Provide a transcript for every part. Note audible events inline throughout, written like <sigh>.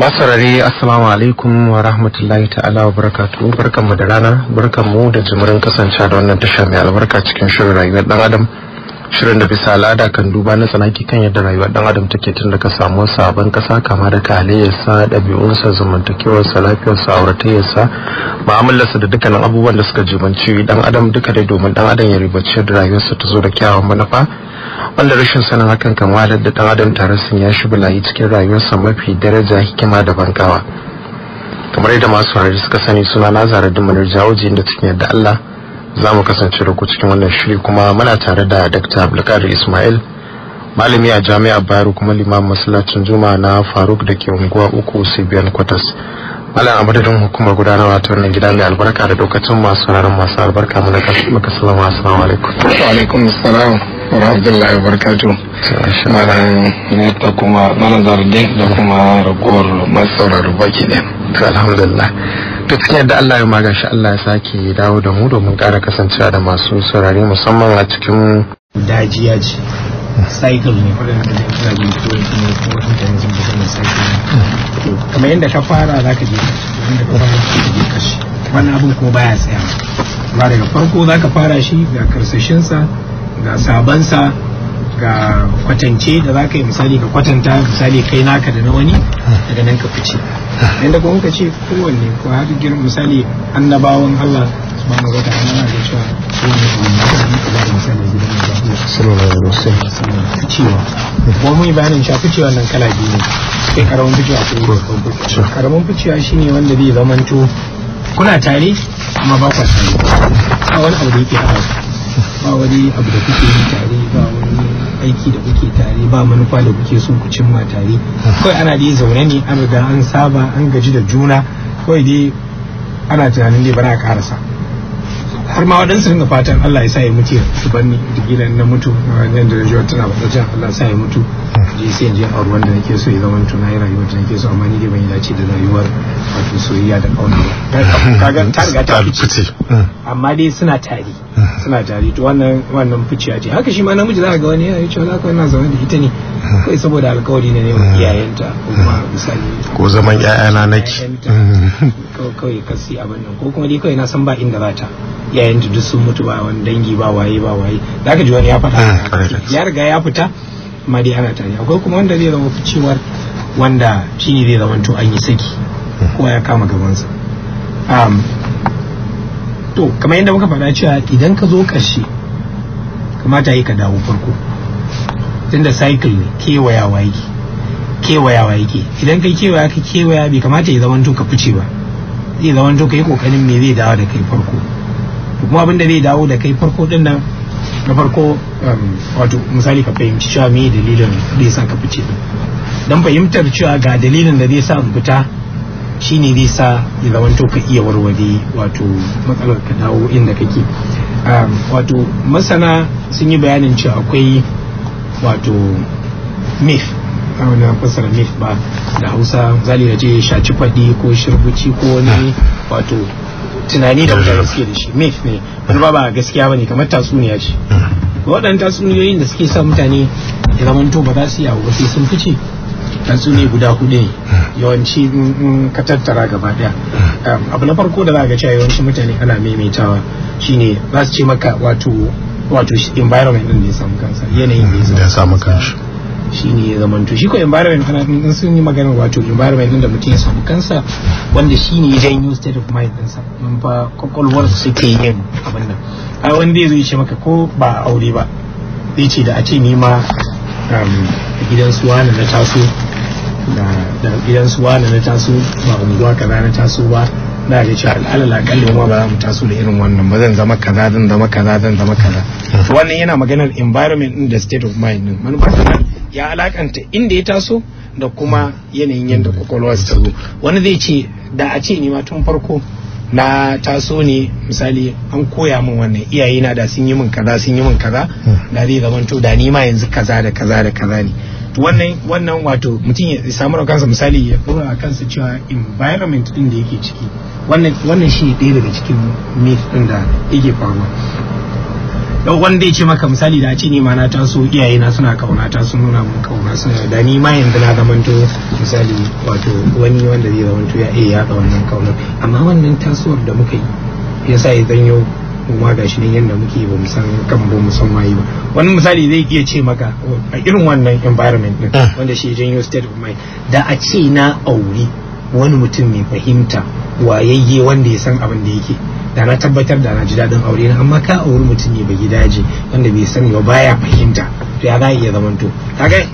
masarare assalamu alaikum wa rahmatullahi ta'ala wa barakatu barkanmu da rana barkanmu da jimurin kasance da wannan tasha mai albarka cikin shirin rayuwar ɗan adam shirin da bisa al'ada kan duba na tsanaki kan yadda rayuwar dan adam take tun da ka samuwar sabon kasa kama da kalayyarsa ɗabi'unsa zamantakewarsa lafiyarsa auratayarsa. ma'amalarsa da dukkanin abubuwan da suka jibanci dan adam duka dai domin dan adam ya ribace da rayuwarsa ta zo da kyawun manufa wanda rashin sanin hakan kan walar da dan adam tare sun ya shi bulayi cikin rayuwarsa mafi daraja hikima da bankawa kamar yadda masu saurari suka sani suna na zaradin manar jawo da cikin yadda Allah za mu kasance da ku cikin wannan shiri kuma muna tare da dr abdulkadir ismail malami a jami'a bayero kuma limamin masallacin juma na faruk da ke unguwa uku sibiyan kwatas. malam a madadin hukumar gudanarwa ta wannan gida mai albarka da dokacin masu sauraron masu albarka mu maka salama assalamu alaikum wa alaikum assalam wa rahmatullahi wa barakatuh malam ne da kuma malam zarudin da kuma ragowar masu baki ne alhamdulillah to cikin yadda Allah ya shi Allah ya sake dawo da mu domin ƙara kasancewa da masu saurare musamman a cikin dajiya ce cycle ne Kuma da ya ne ko cycle kamar yadda ka fara za ka je wanda ka fara ka je kashi wannan abin kuma baya tsaya ba daga farko za ka fara shi ga karsashinsa ga sabansa ga kwatance da za ka yi misali ka kwatanta misali kai naka da na wani daga nan ka fice inda kuma ka ce kowanne ko har girin misali annabawan Allah subhanahu wa ta'ala na da cewa kowanne annabawan Allah da misali gidan da sallallahu alaihi wasallam ficewa kuma mun yi bayanin cewa ficewa nan kala biyu ne sai karamin ficewa ko karamin ficewa shine wanda zai zamanto kuna tare amma ba ku tare a wani abu da yake hawa ba wani abu da kuke yi tare aiki da kuke tare ba manufa da kuke so ku cimma tare kawai ana dai zaune ne an riga an saba an gaji da juna kawai dai ana tunanin dai bara a karasa har ma waɗansu ringa fatan Allah ya sa ya mutu su banni digila na mutu na wajen da rajuwar tana ba ta Allah ya sa ya mutu je sai je a ruwan da nake so ya zama tuna ya rayuwar da nake so amma ni dai ban yi dace da rayuwar wato soyayya da kauna ba kaga ta riga ta fice amma dai suna tari suna tari to wannan wannan fice ce haka shi ma namiji za ga wani ya ce wala kawai na zaune da ita ne kai saboda alƙawari ne ne wa iyayenta ko kuma misali ko zaman iyayana nake kawai kasi abin nan ko kuma dai kawai na san ba inda za ta yayin ta duk sun mutu ba wani dangi ba waye ba waye da ka ji wani ya faɗa ah, ya riga ya fita amma dai ana tare akwai kuma wanda zai zama ficewar wanda ne zai zama to an yi saki kowa ya kama gabansa um, to kamar yadda muka faɗa cewa idan ka zo ƙarshe kamata yi ka dawo farko tunda cycle ne kewayawa yake kewayawa yake idan kai kewaya ka kewaya bai kamata ya zama to ka fice ba zai zama to ka yi kokarin me zai dawo da kai farko kuma abin da zai dawo da kai farko din nan na farko um, wato misali ka fahimci cewa me dalilin da sa ka fice dan fahimtar cewa ga dalilin da zai sa fita shine zai sa ya zamanto ka iya warware wato matsalar ka dawo inda kake um, wato masana sun yi bayanin cewa akwai wato mif a wani fasara mif ba da hausa zali da ce shaci faɗi ko shirbuci ko wani wato tunani da mutane suke da shi myth ne wani ba ba gaskiya bane kamar tatsuniya ce hmm. waɗanda tatsuniyoyin da suke sa mutane zaman to ba za su yi abu sai sun fice tatsuniya guda hudu ne hmm. yawanci ka tattara gaba daya hmm. um, abu na farko da za ga cewa yawanci mutane ana maimaitawa shine za su ce maka wato wato environment din da ya samu kansa yanayin da ya samu kansa shine ya zama to shi ko environment fa in sun yi magana wato environment din da mutum ya samu kansa wanda shine ya janyo state of mind din sa in ba kwakwalwar suke yin abin nan a wanda zai yi shi maka ko ba aure ba zai ce da a ce ni ma um, gidan su wani na taso da gidan su wani na taso ba unguwa kaza na taso ba na ga cewa al'alala kalli ma ba za mu taso da irin wannan ba zan zama kaza zan zama kaza zan zama kaza wannan yana maganar environment din da state of mind din manufar ya alakanta inda ya taso da kuma yanayin yadda kwakwalwa su. zo wani zai ce da a ce ma tun farko na taso ne misali an koya min wannan iyayena da sun yi min kaza sun yi min kaza da zai zamanto da ni ma yanzu kaza da kaza da kaza ne wannan wannan wato mutum ya samu da kansa misali ya bura a kansa cewa environment din da yake ciki wannan wannan shi daya daga cikin myth din da yake faruwa yau wanda ya ce maka misali da ce ne ma na taso iyaye na suna kauna ta sun nuna mun kauna suna da ni ma yanzu na zamanto misali wato wani wanda zai zamanto ya iya eh, yaɗa wannan kauna amma wannan tasowar da muka yi ya sa ya zanyo kuma ga shi ne yadda muke ba mu san kan ba mu san waye ba wani misali zai iya ce maka a irin wannan environment din ah. wanda shi janyo state of mind da a ce na auri wani mutum mai fahimta wayayye wanda ya san abin da yake da na tabbatar da na ji daɗin aure na amma ka auri mutum ne ba gidaje wanda bai sani ba baya fahimta to ya za iya zamanto kaga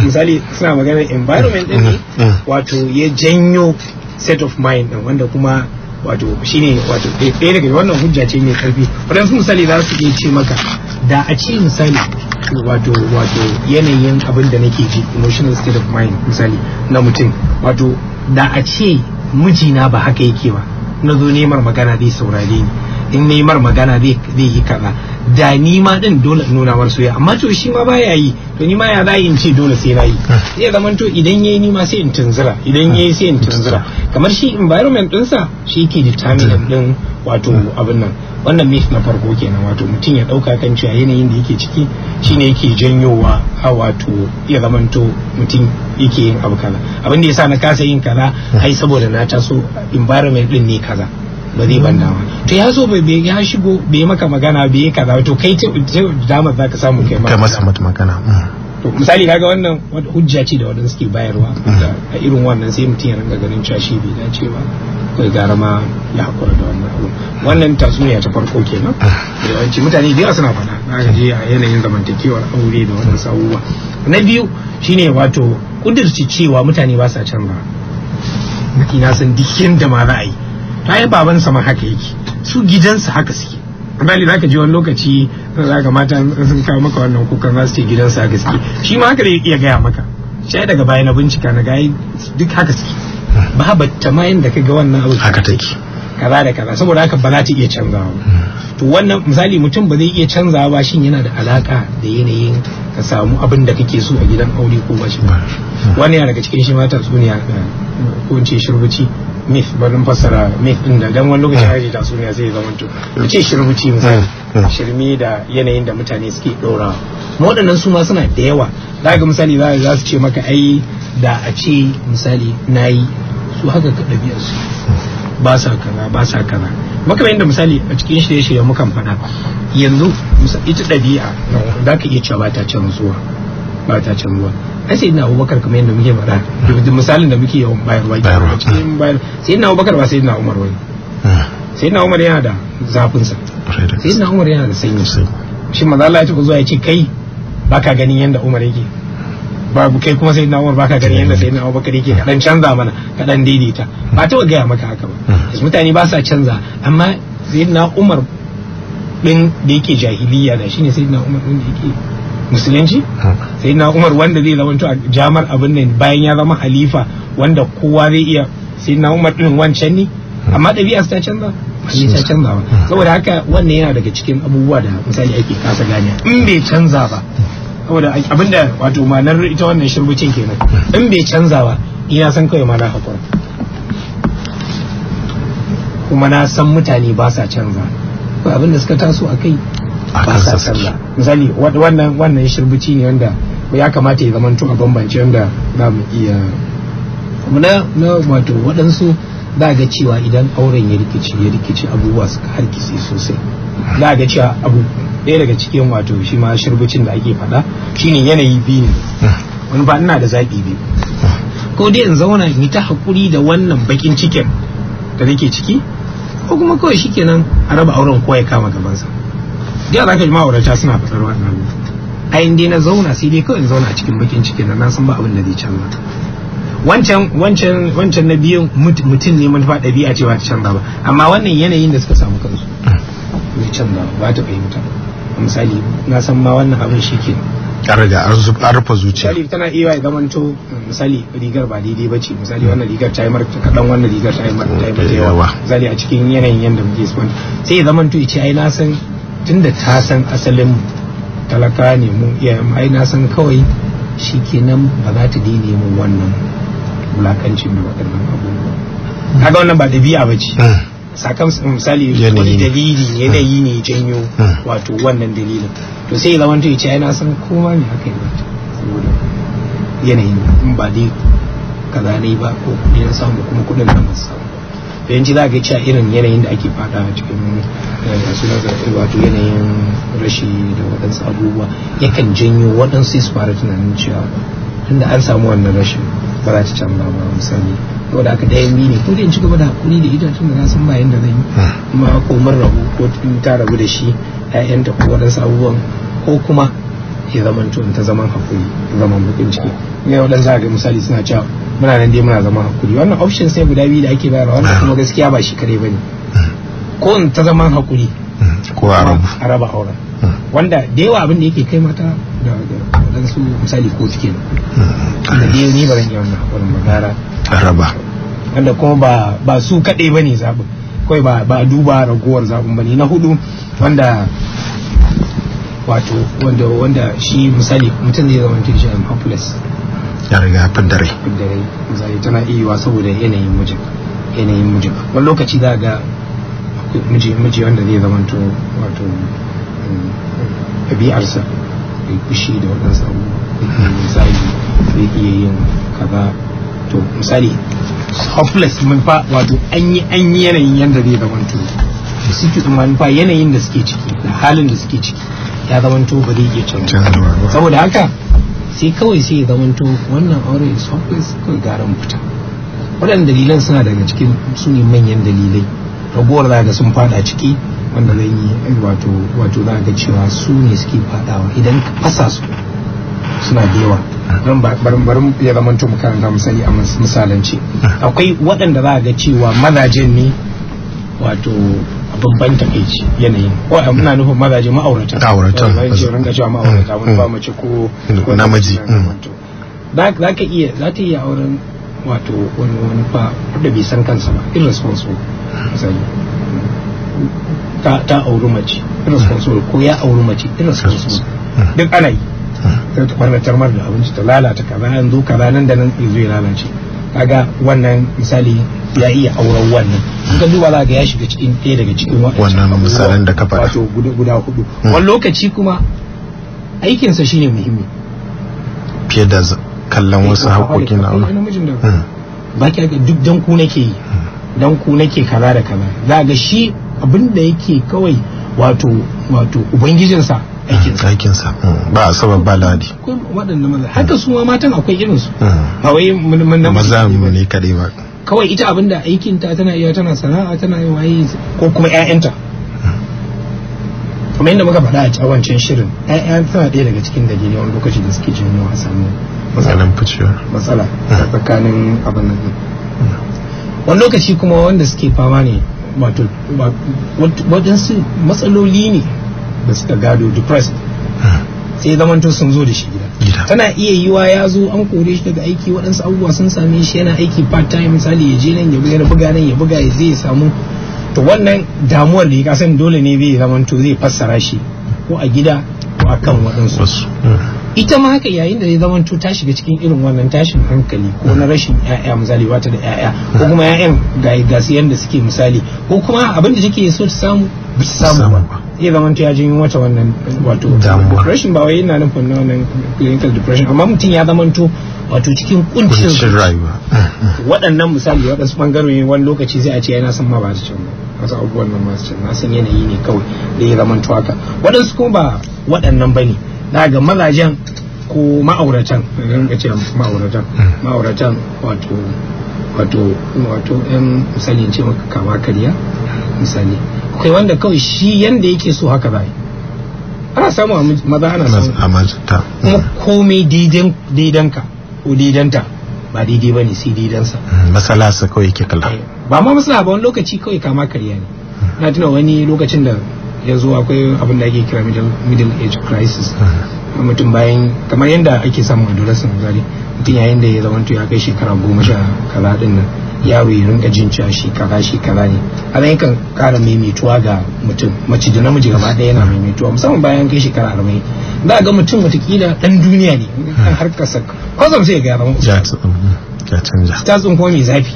misali suna maganar environment din ah, ah. wato ya janyo set of mind wanda kuma wato shine wato ɗaya daga wannan hujja ce mai karfi waɗansu misali za su iya ce maka da a ce misali wato wato yanayin abin da nake ji emotional state of mind misali na mutum wato da a ce mijina ba haka yake ba na zo neman magana zai saurare ni in neman magana zai yi kaza da ni ma din dole nuna mar soyayya amma to shi ma baya yi to ni ma ya za in ce dole sai na yi ah. zai zama to idan yayi ni ma sai in tunzura idan yayi sai in tunzura kamar shi environment dinsa shi ke determine din wato hmm. abin nan wannan myth na farko kenan wato mutum ya dauka kan cewa yanayin da yake ciki shine yake janyowa a wato ya zamanto mutum yake yin abu kaza abin da yasa na kasa yin kaza hmm. ai saboda na taso environment din ne kaza ba zai ban ba to ya so bai ya shigo bai maka magana bai kaza to kai damar za ka samu kai ma masa magana mm. to misali kaga wannan hujja ce da wadanda suke bayarwa mm. a irin wannan sai mutum ya ranga ganin cashe bai da cewa kai gara ma ya hakura da wannan wannan tatsuniya ta farko kenan mm. yawanci mutane da suna fada na je a yanayin zamantakewar aure da wannan sabuwa na biyu shine wato kudirci cewa mutane ba sa canza ina san duk yanda ma za a yi ta yi babansa ma haka yake su gidansa haka suke za zaka ji wani lokaci zaka mata sun kawo maka wannan kukan za su ce gidansa haka suke shi ma haka ya gaya maka sai daga baya na bincika na gayi duk haka suke ba bata ma yanda ka ga wannan abu haka take kaza da kaza saboda haka ba za ta iya canzawa to wannan misali mutum ba zai iya canzawa ba shin yana da alaka da yanayin ka samu abin da kake so a gidan aure ko ba shi ba hmm. Wani yana daga cikin shi mata tsuniya eh, ko in ce shirbuci myth barin fassara myth din da dan wani lokaci ah. haji da suniya sai zama to ce shirmuci misali ah, ah. shirmi da yanayin da mutane suke dora waɗannan su ma suna da yawa za ga misali za su ce maka ai da a ce misali nayi su haka ka su ba sa kana ba sa kana maka da misali a cikin shirye-shirye muka fada yanzu ita ɗabi'a za ka iya cewa ba ta canzuwa ba ta canzuwa ai sai na abubakar kamar yadda muke da misalin da muke yawan bayarwa ah. sai na abubakar ba sai na umar wani ah. sai na umar yana da zafinsa sai na umar yana da sanyi shi maza Allah ya ci zuwa ya ce kai baka ganin yadda umar yake babu kai kuma sai na umar baka ganin yadda sai na abubakar yake kaɗan canza mana kaɗan daidaita ba ta gaya maka haka ba ah. mutane ba sa canza amma sai na umar ɗin da yake jahiliya da ne sai na umar ɗin da yake musulunci sai na umar wanda zai zama a jamar abin nan bayan ya zama halifa wanda kowa zai iya sai na umar din wancan ne amma ɗabi'a ta canza ba ta canza ba saboda haka wannan yana daga cikin abubuwa da misali ake kasa gane in bai canza ba saboda abinda wato ma'anar ita wannan shirbucin kenan in bai canza ba ina san kawai ma na hakura kuma na san mutane ba sa canza abinda suka taso a kai a kansa sallah misali wannan wannan shirbici ne wanda ya kamata ya zamanto a bambance wanda za mu iya na na wato waɗansu za ga cewa idan auren ya rikici ya rikici abubuwa suka harkitse sosai za ga cewa abu ɗaya daga cikin wato shi ma shirbicin da ake faɗa shine yanayi biyu ne wani ba ina da zaɓi biyu ko dai in zauna in yi ta haƙuri da wannan bakin cikin da nake ciki ko kuma kawai shikenan a raba auren kowa ya kama gabansa ya za ka ji ma'aurata suna fitar wannan A dai na zauna sai dai kawai zauna a cikin bakin ciki na san ba abin da zai canza wancan wancan wancan na biyun mutum ne manufa ɗabi'a cewa ta canza ba amma wannan yanayin da suka samu kansu bai canza ba ta fahimta misali na san ma wannan abin shi ke an riga an rufe zuciya misali tana iya ya gamanto misali rigar ba daidai ba ce misali wannan rigar ta yi marta kaɗan wannan rigar ta yi marta yawa misali a cikin yanayin yadda muke spon sai ya zamanto ya ce ai na san tunda ta san asalin talaka ne mu iyayen ai na san kawai shi kenan ba za ta daina mu wannan wulakanci da waɗannan abubuwa kaga wannan ba ɗabi'a ba ce ah. sakamakon misali wani dalili ah. yanayi ne janyo ah. wato wannan dalilin to sai zama ta ce na san koma ne haka yi saboda yanayin in ba dai kaza ne ba ko kuɗi na samu kuma kuɗin na samu yanzu yanci za ka ci a irin yanayin da ake fada cikin eh, wato yanayin rashi da waɗansu abubuwa yakan janyo waɗansu su fara tunanin cewa tunda an samu wannan rashin ba za ta canza ba misali ko da aka ɗayan yi ne ko da in gaba da hakuri da ita da na san bayan da zan yi hmm. kuma ko mun rabu ko ta rabu da shi 'ya'yanta ko waɗansu abubuwan ko kuma ya zaman tun ta zaman hakuri zaman bakin ciki ne wadanda za ga misali suna cewa muna nan dai muna zaman hakuri wannan option sai guda biyu da ake bayarwa wannan kuma gaskiya ba shi kare bane ko in ta zaman hakuri ko a Araba auren hmm. wanda da yawa abin da yake kai mata da wadansu misali ko suke da dai ni ba zan yi wannan hakurin magara a raba wanda kuma ba ba su kaɗai bane zaɓin kawai ba duba ragowar zaɓin bane na hudu wanda wato wanda wanda shi misali mutum zai zama tun shi hopeless ya riga fiddare fiddare misali tana iya saboda yanayin miji yanayin mijin wani lokaci za ga miji miji wanda zai zama to wato ɗabi'arsa ya fushi da waɗansu abubuwa misali zai iya yin kaza to misali hopeless mun fa wato an yi an yi yanayin yanda zai zama to da suke tsammanin ba yanayin da suke ciki da halin da suke ciki ya zamanto ba zai iya canza saboda haka sai kawai sai ya zamanto wannan aure is hopeless kawai gara fita waɗannan dalilan suna daga cikin su ne manyan dalilai ragowar za ga sun fada ciki wanda zai yi eh, wato wato za ga cewa su ne suke fadawa idan ka fasa su suna da yawa barin barin ya zamanto mu karanta misali a misalanci ah. akwai waɗanda za ga cewa manajen ne wato babban takaici yanayin wa muna nufin mazaje ma'auratan. Ma'auratan. ma'aurata ce rinka cewa ma'aurata wani ba mm. mace ko namiji mm. za ka iya za ta iya auren wato wani wani ba da bai san kansa ba irresponsible misali ta ta auri mace irresponsible ko ya auri mace irresponsible mm. duk ana yi sai ta kwarnatar mar da abinci ta lalata kaza yanzu kaza nan da nan zai lalace kaga wannan misali ya iya auren wannan in duba za ga ya shiga cikin ɗaya daga cikin wannan misalan da ka faɗa wato guda hudu hmm. wani lokaci kuma aikinsa shine muhimmi fiye da kallon wasu eh, haƙoƙi na aure hmm. ba ki duk dan ku nake yi hmm. dan ku nake kaza da kaza za ga shi abin da yake kawai wato wato ubangijinsa aikinsa ba a saba ba ladi haka su ma matan akwai irinsu ba wai mun maza mu ne kadai ba kawai ita abin da aikinta tana iya tana sana'a tana yi waye ko kuma 'ya'yanta kuma inda muka faɗa a wancan shirin ƴaƴan tana ɗaya daga cikin gini wani lokaci da suke janyo a samu matsalan ficewa matsala hmm. tsakanin abin nan hmm. wani lokaci kuma wanda suke fama ne wato waɗansu matsaloli ne da suka gado depressed hmm. sai zamantar sun zo da shi gida tana iya yiwa ya zo an kore shi daga aiki waɗansu abubuwa sun same shi yana aiki part time misali ya je nan ya buga buga nan ya buga ya zai samu to wannan damuwar da ya san dole ne zai zama to zai fassara shi ko a gida ko a kan waɗansu ita ma haka yayin da ya zama to ta shiga cikin irin wannan tashin hankali ko na rashin ya'ya misali wata da ya'ya ko kuma ya'yan ga ga da suke misali ko kuma abin da take so ta samu bisa samu iya zama ta yajin wata wannan wato depression ba wai yana nufin na wannan clinical depression amma mutum ya to wato cikin kuncin rayuwa mm-hmm. waɗannan misali waɗansu ɓangarori wani lokaci zai a ce yana son ma ba su can wasu abubuwan nan masu can na san yanayi ne kawai da ya to haka waɗansu kuma ba waɗannan ba ne ga mazajen ko ma'auratan ka ce ma'auratan mm. ma'auratan wato wato wato ɗan misali ce maka kama karya misali akwai wanda kawai shi yanda yake so haka zai ana samu a maza ana samu a ta. kuma komai daidan ka ko daidanta ba daidai ba ne sai daidansa mm, masala su kawai ke kala eh, ba ma masala ba wani lokaci kawai kama karya ne na tuna wani lokacin da ya zo akwai abin da ake kira middle age crisis mm. mutum bayan kamar yadda ake samun adolescent zari mutum yayin da ya zamanto ya kai shekara goma sha kaza din nan yaro ya rinka jin cewa shi kaza shi kaza ne ana yakan kara maimaituwa ga mutum mace da namiji gaba daya yana maimaituwa musamman bayan kai shekara arba'in za ga mutum watakila ɗan duniya ne ɗan harkarsa kwazam sai ga ramu ya canza ta tsinko mai zafi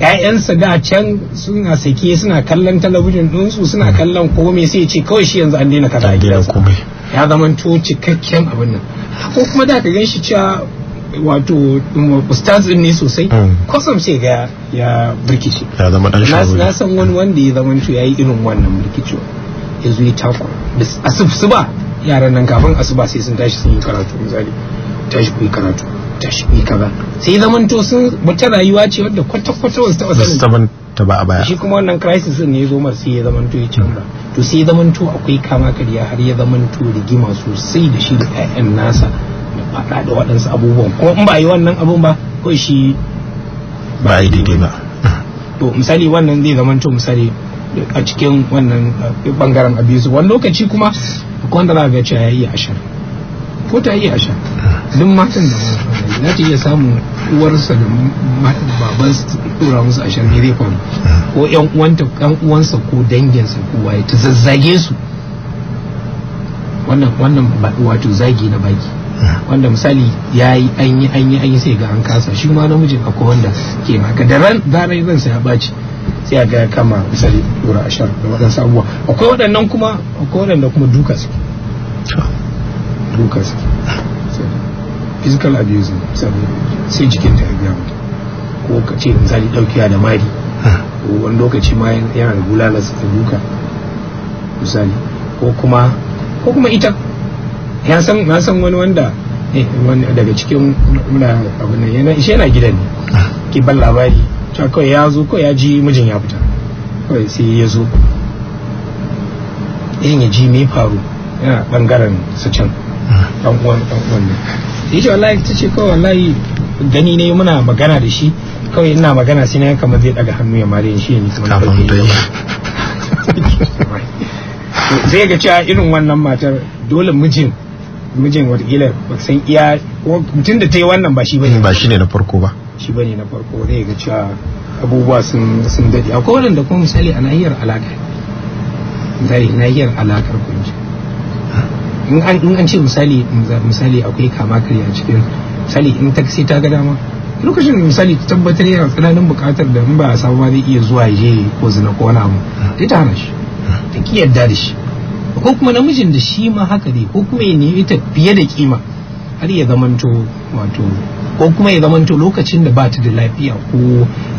ƴaƴansa da can suna sake suna kallon talabijin ɗinsu suna kallon komai sai ce kawai shi yanzu an daina kaza a gidansa ya zama cikakken abin nan ko kuma da ka gan shi cewa wato mm, ustaz din ne sosai hmm. kwasam sai ga ya birkice ya zama na san wani wanda ya zama ya yi irin wannan birkicewa ya zo ya takura da ba yaran nan kafin asuba sai sun tashi sun yi karatu misali tashi ku karatu tashi ku kaza sai zaman to sun wata rayuwa ce wadda kwata-kwata wasu taɓa sanin ta ba a baya shi kuma wannan crisis ne ya zo mar sai ya zaman to ya canza to sai zaman to akwai kama karya har ya zaman to rigima sosai da shi da 'ya'yan nasa a da waɗansu abubuwan ko in ba yi wannan abun ba ko shi ba yi daidai ba to misali wannan zai zama to misali a cikin wannan bangaren eh, abisu wani lokaci kuma wanda za ga cewa ya yi ashar ko ta yi ashar duk matan da na ta iya samun uwarsa da baban tura musu ashar ne zai faru ko yan uwanta kan uwansa ko danginsa ko waye ta zazzage su wannan wannan wato zagi na baki wanda misali ya yi an yi an yi an yi sai ga an kasa shi ma namijin akwai wanda ke maka da ran zarai zan sai ya ɓaci sai a ga kama misali dora ashar da waɗansu abubuwa akwai waɗannan kuma akwai waɗanda kuma duka su duka su physical abuse sai jikin ta ya ko ka ce misali ɗaukiya da mari wani lokaci ma yana da bulalar ta duka misali ko kuma ko kuma ita ya san na san wani wanda eh, daga cikin muna abin nan yana ishe yana gidan ne ah. ki ban labari cewa kawai ya zo kawai ya ji mijin ya fita kawai sai ya zo yin ya ji me faru yana bangaren su can dan ah. uwan dan uwan ne yi ce wallahi ta ce kawai wallahi gani ne muna magana da shi kawai ina magana sai na kamar zai daga hannu ya mare shi ne kamar da zai ga cewa irin wannan matar dole mijin mijin watakila ba san iya mutum da ta yi wannan ba shi ba hmm, ba shi ne na farko ba shi ne na farko zai ga cewa abubuwa sun sun dade akwai da kuma misali a nahiyar alaƙa misali nahiyar kunji in an in an ce misali misali akwai kama karya a cikin misali in taxi ta ga dama lokacin misali ta tabbatar yana tsananin bukatar da in ba a samu zai iya zuwa je ko zina ko wani abu ita hana shi ta ki yarda da shi ko kuma namijin da shi ma haka ne ko kuma ya nemi ta fiye da kima har ya zamanto wato ko kuma ya zamanto lokacin da ba ta da lafiya ko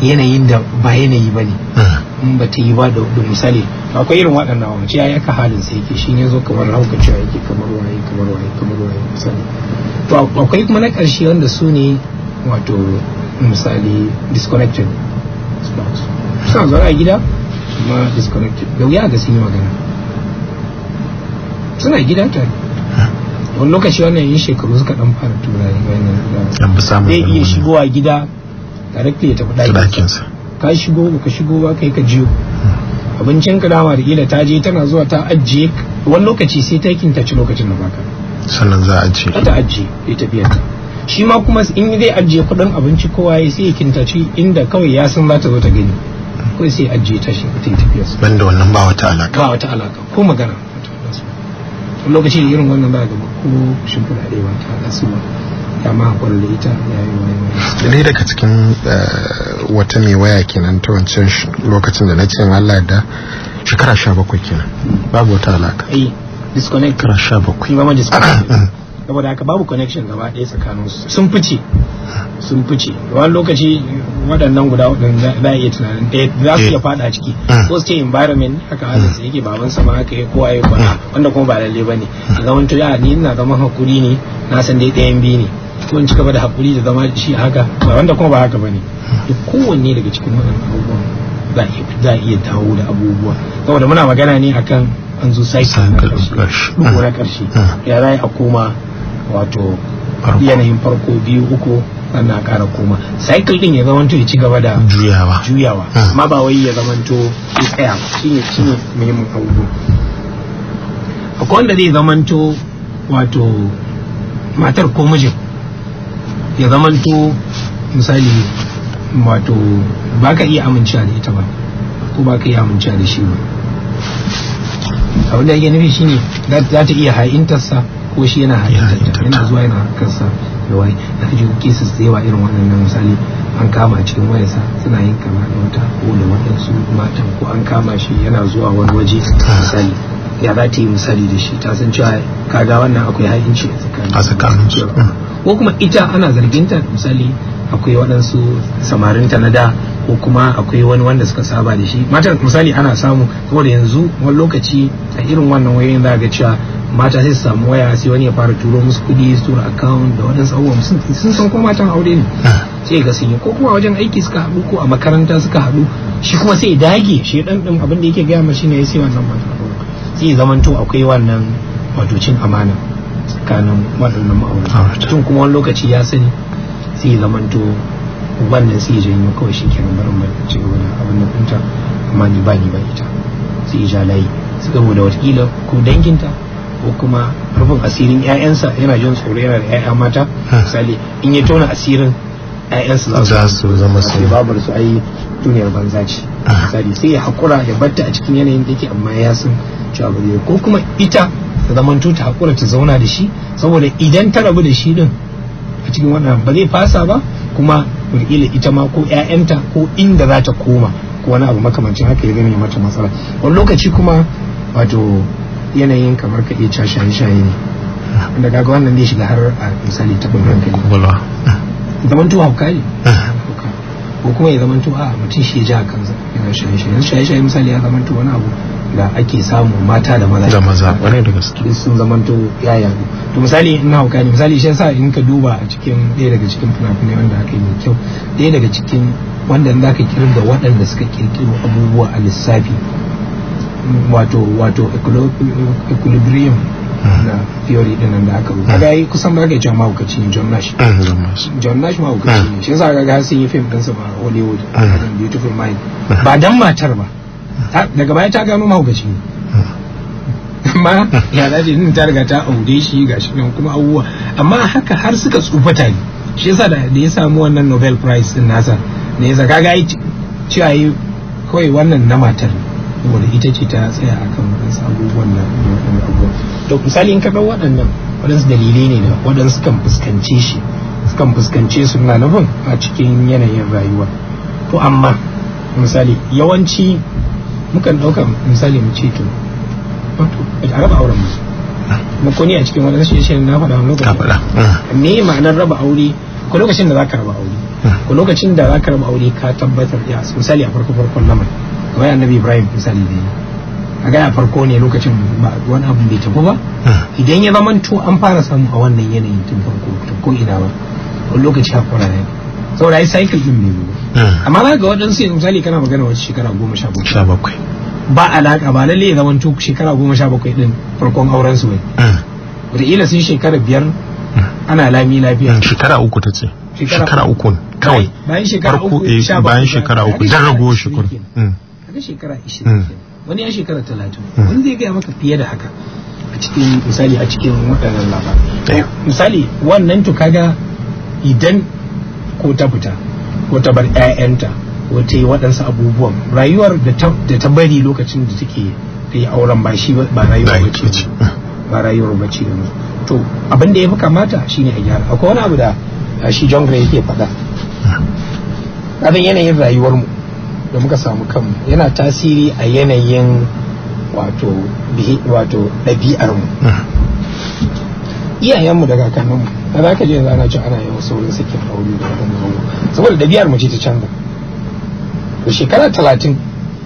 yanayin da ba yanayi ba ne ah. in ba ta yi ba da misali akwai irin waɗannan wa mace ya ka halin sai yake shi ne zo kamar haukacewa yake kamar waye kamar waye kamar waye misali to akwai kuma na ƙarshe wanda su ne wato misali disconnected spouse suna zaune a gida kuma disconnected da wuya ga sun yi magana suna gida tare wani lokaci wannan yin shekaru suka dan fara turai wannan zai iya shigowa gida direct ya tafi dakinsa ka shigo ka shigo ba kai ka jiyo abincin ka dama da ila ta je tana zuwa ta ajiye wani lokaci sai takin ta ci lokacin da baka sannan za a ajiye ta ta ajiye ya tafiya ta shi ma kuma in zai ajiye kudin abinci kowa ya sai ya kintaci inda kawai ya san za ta zo ta gani kawai sai ajiye ta shi ta tafiya ban da wannan ba wata alaka ba wata alaka ko magana lokacin irin wannan ba da ko shimfiɗa da ba ta kasu ba ma kwarar da ita ya yi wani wani daga cikin eh, wata mai waya kenan ta wancan lokacin da na ce Allah da shekara sha bakwai kenan babu wata alaka eh disconnect shekara sha bakwai ba ma disconnect <coughs> mm. saboda haka babu connection gaba ɗaya tsakanin sun fice sun fice wani lokaci waɗannan guda za a iya tunanin ɗaya eh, za su iya eh. faɗa ciki ah. ko su ce environment haka halin ah. su yake baban sama haka ya kowa ya kwana ah. wanda kuma ba lalle ba ne a zaman tuya ni ina zaman hakuri ne na san dai ɗayan biyu ne ko in cika da hakuri da zama shi haka ba wanda kuma ba haka ba ne duk kowanne daga cikin waɗannan abubuwan za a iya dawo da abubuwa saboda muna magana ne akan an zo sai na ƙarshe ya rayu a koma wato yanayin farko biyu uku ana kara koma cycle din ya to ya ci gaba da juyawa juyawa ah. amma ba wai ya to ya tsaya shine shine muhimmin abu akwai wanda zai to wato matar ko mijin ya to misali wato ba ka iya amincewa da ita ba ko ba ka iya amincewa da shi ba abin da yake nufi shine za ta iya ha'intarsa ko shi yana ha'intarsa yana zuwa yana harkarsa da waye da jin kisis da yawa irin waɗannan misali an kama cikin wayasa suna yin kama da wata ko da waɗansu matan ko an kama shi yana zuwa wani waje misali ya za ta yi misali da shi ta san cewa kaga wannan akwai haƙinci a tsakanin su ko kuma ita ana zargin misali akwai waɗansu samarinta na da ko kuma akwai wani wanda suka saba da shi matan misali ana samu saboda yanzu wani lokaci a irin wannan wayoyin za ga cewa mata sai su samu waya sai wani ya fara turo musu kudi su tura account da wadansu abubuwan sun san ko matan aure ne ah. sai ga sun yi ko kuma wajen aiki suka haɗu ko a makaranta suka haɗu shi kuma sai dage shi dan din abin da yake gaya mashi ne ya sai wannan mata sai zamanto akwai wannan wato cin amana tsakanin waɗannan ma'aurata ah, tun kuma wani lokaci ya sani sai zamanto wannan sai janyo kawai shi kenan barin mai ci gaba da abin da kunta amma ni ba ni ba ita sai ja layi saboda watakila ko danginta ko kuma rufin asirin ƴaƴansa yana jin tsoro yana da 'ya'ya mata misali in ya tona asirin ƴaƴansa. za su zama su bar su ai duniyar banza ce misali sai ya hakura ya batta a cikin yanayin da yake amma ya san cewa ba zai ko kuma ita ta zaman ta hakura ta zauna da shi saboda idan ta rabu da shi din a cikin wannan ba zai fasa ba kuma wakila ita ma ko ƴaƴanta ko inda za ta koma ko wani abu makamancin haka ya gani mata matsala wani lokaci kuma wato yanayin kamar ka iya shaye-shaye ne wanda kaga wannan ne shiga har a misali tabin hankali zaman tuwa hauka ne eh. ko kuma ya zaman tuwa a mutum shi ya ja kan yana shaye-shaye yanzu shaye-shaye misali ya zaman tuwa wani abu da ake samu mata da maza da maza wani da gaske sun zaman to ya yadu to misali ina hauka ne misali shi yasa in ka duba a cikin ɗaya daga cikin fina-finai wanda aka yi mai kyau ɗaya daga cikin wanda za ka kirga waɗanda suka kirkiro abubuwa a lissafi wato wato equilibrium na hmm. theory din nan da aka rubuta ga hmm. yi kusan ba ka cewa mahaukaci ne John Nash hmm, John Nash mahaukaci ne shi yasa ga ga sun yi fim din sa ba Hollywood Beautiful Mind ba dan matar ba daga baya ta gano mahaukaci ne amma ya dace din ta riga ta aure shi gashi nan kuma abubuwa amma haka har suka tsufa ne. shi yasa da ya samu wannan Nobel Prize din nasa ne yasa kaga ai cewa kawai wannan na matar ne wanda ita ce ta tsaya akan waɗansu abubuwan nan abubuwan to misali in ka ga waɗannan waɗansu dalilai ne da waɗansu kan fuskance shi sukan fuskance su na nufin a cikin yanayin rayuwa to amma misali yawanci mukan ɗaukar misali mu ce to a raba auren mu makoni a cikin wani shi na faɗa wani lokaci me ma'anar raba aure ko lokacin da za ka raba aure ko lokacin da za ka raba aure ka tabbatar ya misali a farko farkon lamarin wai annabi ibrahim misali ne a gaya farko ne lokacin wani abin bai tafi ba hmm. idan ya zama to an fara samu a wannan yanayin tun farko ta ko ina ba wani lokaci hakura ne saboda ai cycle din ne hmm. amma za ga waɗansu yanzu misali kana magana wata shekara goma sha bakwai ba alaka ba lalle ya zama to shekara goma sha bakwai din farkon auren su bai hmm. wataƙila sun shekara biyar ana lami lafiya shekara uku ta ce shekara uku kawai bayan shekara uku eh, bayan shekara uku jan ragowar shekaru kaga shekara 20 hmm. wani ya shekara 30 wani zai gaya maka fiye da haka a cikin misali a cikin waɗannan labarai misali wannan to kaga idan ko ta fita ko ta bar 'ya'yanta ko ta yi waɗansu abubuwan rayuwar da ta bari lokacin da take ta yi auren ba shi ba rayuwar bace ba rayuwar bace da to abin da ya fi kamata shine a gyara akwai wani abu da shi John Gray yake faɗa hmm. abin yanayin rayuwar mu da muka samu kanmu yana tasiri a yanayin wato wato ɗabi'armu iyayenmu da kakanninmu da za ka je ana ci ana yi yawan saurin sakin aure da waɗanda zango saboda ɗabi'ar mu ce ta canza da shekara talatin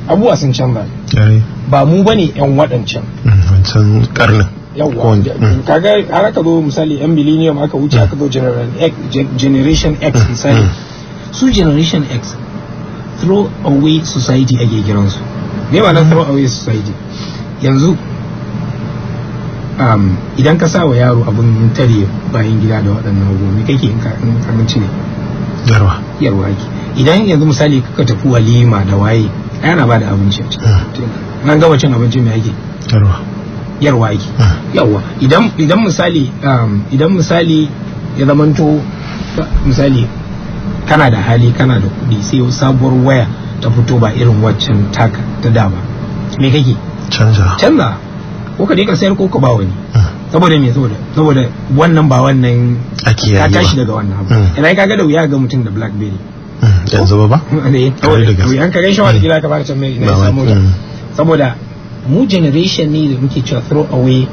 abubuwa sun canza ba mu ba ne yan waɗancan mm, wancan karnin yawwa mm. kaga har aka zo misali yan millennium aka wuce mm. aka zo generation x misali su generation x throw away society ake su. me ba na throw away society yanzu um, idan ka sa wa yaro abin tare bayan gida da waɗannan hagu me kake in abinci ne yarwa yarwa ake idan yanzu misali kaka tafi walima da waye yana ba da abinci a ciki hmm. nan gama cin abinci me ake yarwa yarwa ake hmm. yawa idan idan misali um, idan misali ya zamanto misali kana da hali kana da kuɗi sai sabuwar waya ta fito ba irin waccan taka ta dama ba me kake canza canza ko ka je sayar ko ka ba wani hmm. saboda me saboda saboda wannan ba wannan ka tashi daga wannan abu hmm. ina ka ga da wuya ga mutum da blackberry hmm. yanzu ba ba <laughs> ne wuyan ka gaishe wani gida ka fara can mai ina samu saboda mu generation ne da muke cewa throw away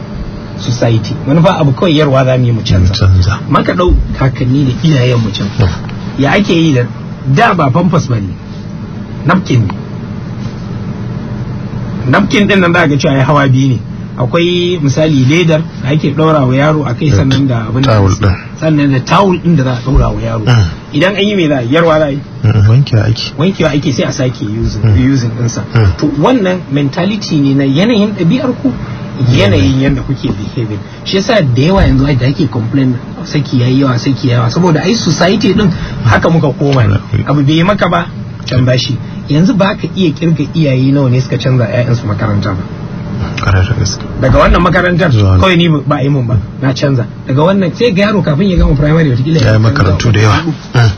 society manufa abu kawai yarwa za mu yi mu canza maka dau kakanni da iyayen mu canza ya ake yi da da ba famfas ba ne napkin napkin din nan da ga cewa ya hawa biyu ne akwai misali ledar da ake ɗaura wa yaro a kai sannan da abin da sannan da tawul ɗin da za a ɗaura wa yaro mm. idan an yi mai za yarwa za a yi mm, wankewa ake wankewa ake sai a sake using mm. ɗinsa to wannan mentality ne na yanayin ɗabi'ar ku yanayin yadda kuke behaving shi yasa da yawa yanzu ai da ake complain saki yayi yawa saki yawa saboda ai society din haka muka koma ne abu bai maka ba can bashi yanzu ba ka iya kirga iyaye nawa ne suka canza su makaranta ba daga wannan makarantar kawai ni ba a yi mun ba na canza daga wannan sai ga yaro kafin ya gama primary wata kila ya makarantu da yawa hmm.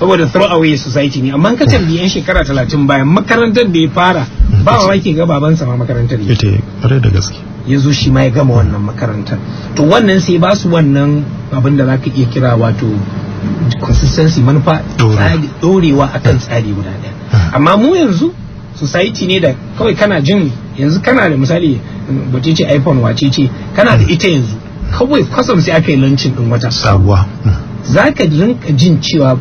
saboda throw away society ne amma kacin da yan shekara talatin bayan makarantar da ya fara ba wa ke ga babansa ma makarantar ita da gaske ya zo shi ma ya gama wannan makarantar to wannan sai ba su wannan abin da za iya kira wato consistency manufa dorewa akan eh. tsari guda daya. Eh. amma mu yanzu society ne da kawai kana jin yanzu kana da misali bace ce iphone wace ce kana da hmm. ita yanzu kawai kwasam sai aka yi lancin din wata sabuwa hmm. za ka rinka jin cewa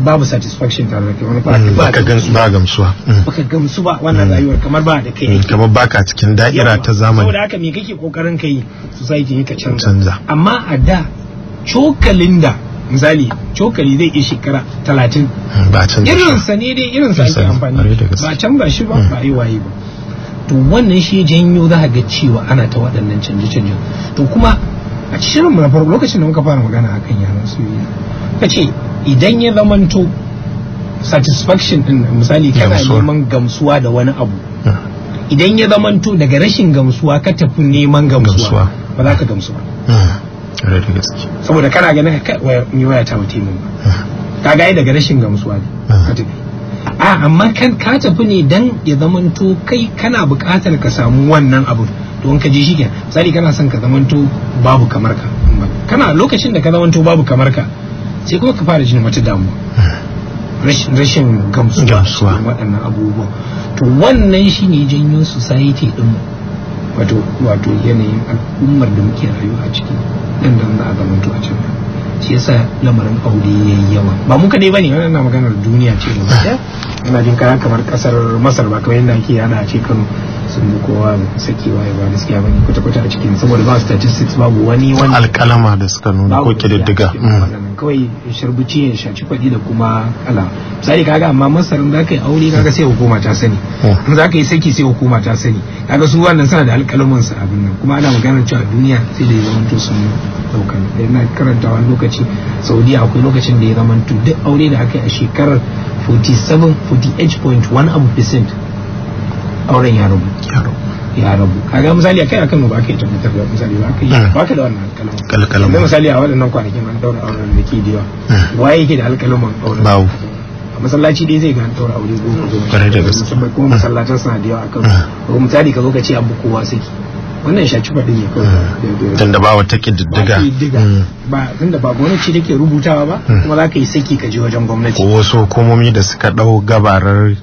babu satisfaction tare da kai wani ba mm, ka gamsu ba gamsuwa mm. ba ka gamsu ba wannan mm. rayuwar kamar ba da kai kamar baka cikin da'ira ta zamani saboda haka me kake kokarin kai society ne ta canza amma a da cokalin da misali cokali zai iya shekara talatin ba canza irin sa ne dai irin sa ake amfani ba can ba shi ba ba yi waye ba to wannan shi janyo za ga cewa ana ta waɗannan canje-canjen to kuma a cikin mu na farko lokacin da muka fara magana akan yaran soyayya ka ce idan ya zamanto satisfaction din misali kana neman gamsuwa da wani abu ah. idan ya zamanto daga rashin gamsuwa ka tafi neman gamsuwa ba za ka gamsu ba ah, saboda kana ganin ka ni waya ta mutum ba. Ah. ka ga daga rashin gamsuwa ne ka tafi a amma kan ka tafi ne dan ya zamanto kai kana buƙatar ka samu wannan abu to in ka ji shi kenan misali kana son ka zamanto babu kamar ka kana lokacin da ka zamanto babu kamar ka sai kuma ka fara jin wata damuwa rashin gamsuwa waɗannan abubuwa to wannan shi ne janyo society din wato wato yanayin al'ummar da muke rayuwa a ciki nan da za a zamanto a can shi yasa lamarin aure ya yi yawa ba mu ba bane wannan na maganar duniya ce gaba ina jin kaya kamar kasar masar ba kamar yadda ake a ce kano sun yi kowa sakewa ya ba gaskiya ba ne kwata-kwata a cikin saboda ba statistics babu wani wani alkalama da suka nuna ko kididdiga mm. kawai sharbuci ya shaci faɗi da kuma ala misali kaga amma masarin za ka yi aure kaga sai hukuma ta sani mm. in za ka yi saki sai hukuma ta sani kaga su wannan suna da alkalaman su abin nan kuma ana maganar cewa duniya sai da ya to sun daukan yana karanta wani lokaci saudiya akwai lokacin da ya to duk aure da aka yi a shekarar 47.1 percent auren ya rabu ya rabu kaga misali akai akan mu ba kai tabbatar ba misali ba kai hmm. ba ka da wannan alƙalamin alƙalamin da misali a waɗannan kwanakin an daura auren da ke da yawa hmm. waye yake da alƙalamin auren bawo masallaci dai zai gani daura aure goma goma kwarai da gaske kuma hmm. masallacin suna da yawa akan ko misali ka zo ka ce an kowa saki wannan shaci faɗi ne kawai tunda ba wata ke diddiga ba tunda ba gwamnati da ke rubutawa ba kuma za ka yi saki ka je wajen gwamnati ko wasu hukumomi da suka ɗau gabarar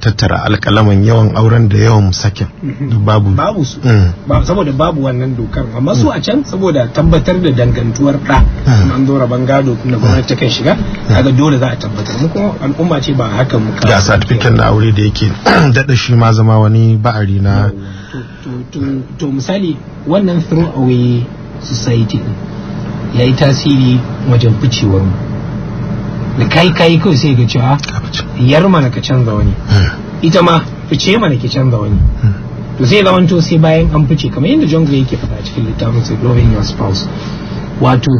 tattara alkalaman yawan auren da yawan sakin mhm. babu babu su mm. saboda babu wannan dokar amma su mm. a can saboda tabbatar da dangantuwar da mm. an rabon gado na gwamnati kan shiga kaga dole za a tabbatar mu kuma al'umma ce ba haka mu ga certificate na aure da yake <clears throat> dada shi ma zama wani ba'ari na to misali wannan throw away society yayi tasiri wajen ficewar mu da kai kai kawai sai ga cewa ah, yar mana ka canza wani hmm. ita ma fice mana ki canza wani hmm. to sai zamanto sai bayan an fice kamar yadda John Gray yake faɗa cikin littafin sai loving your spouse wato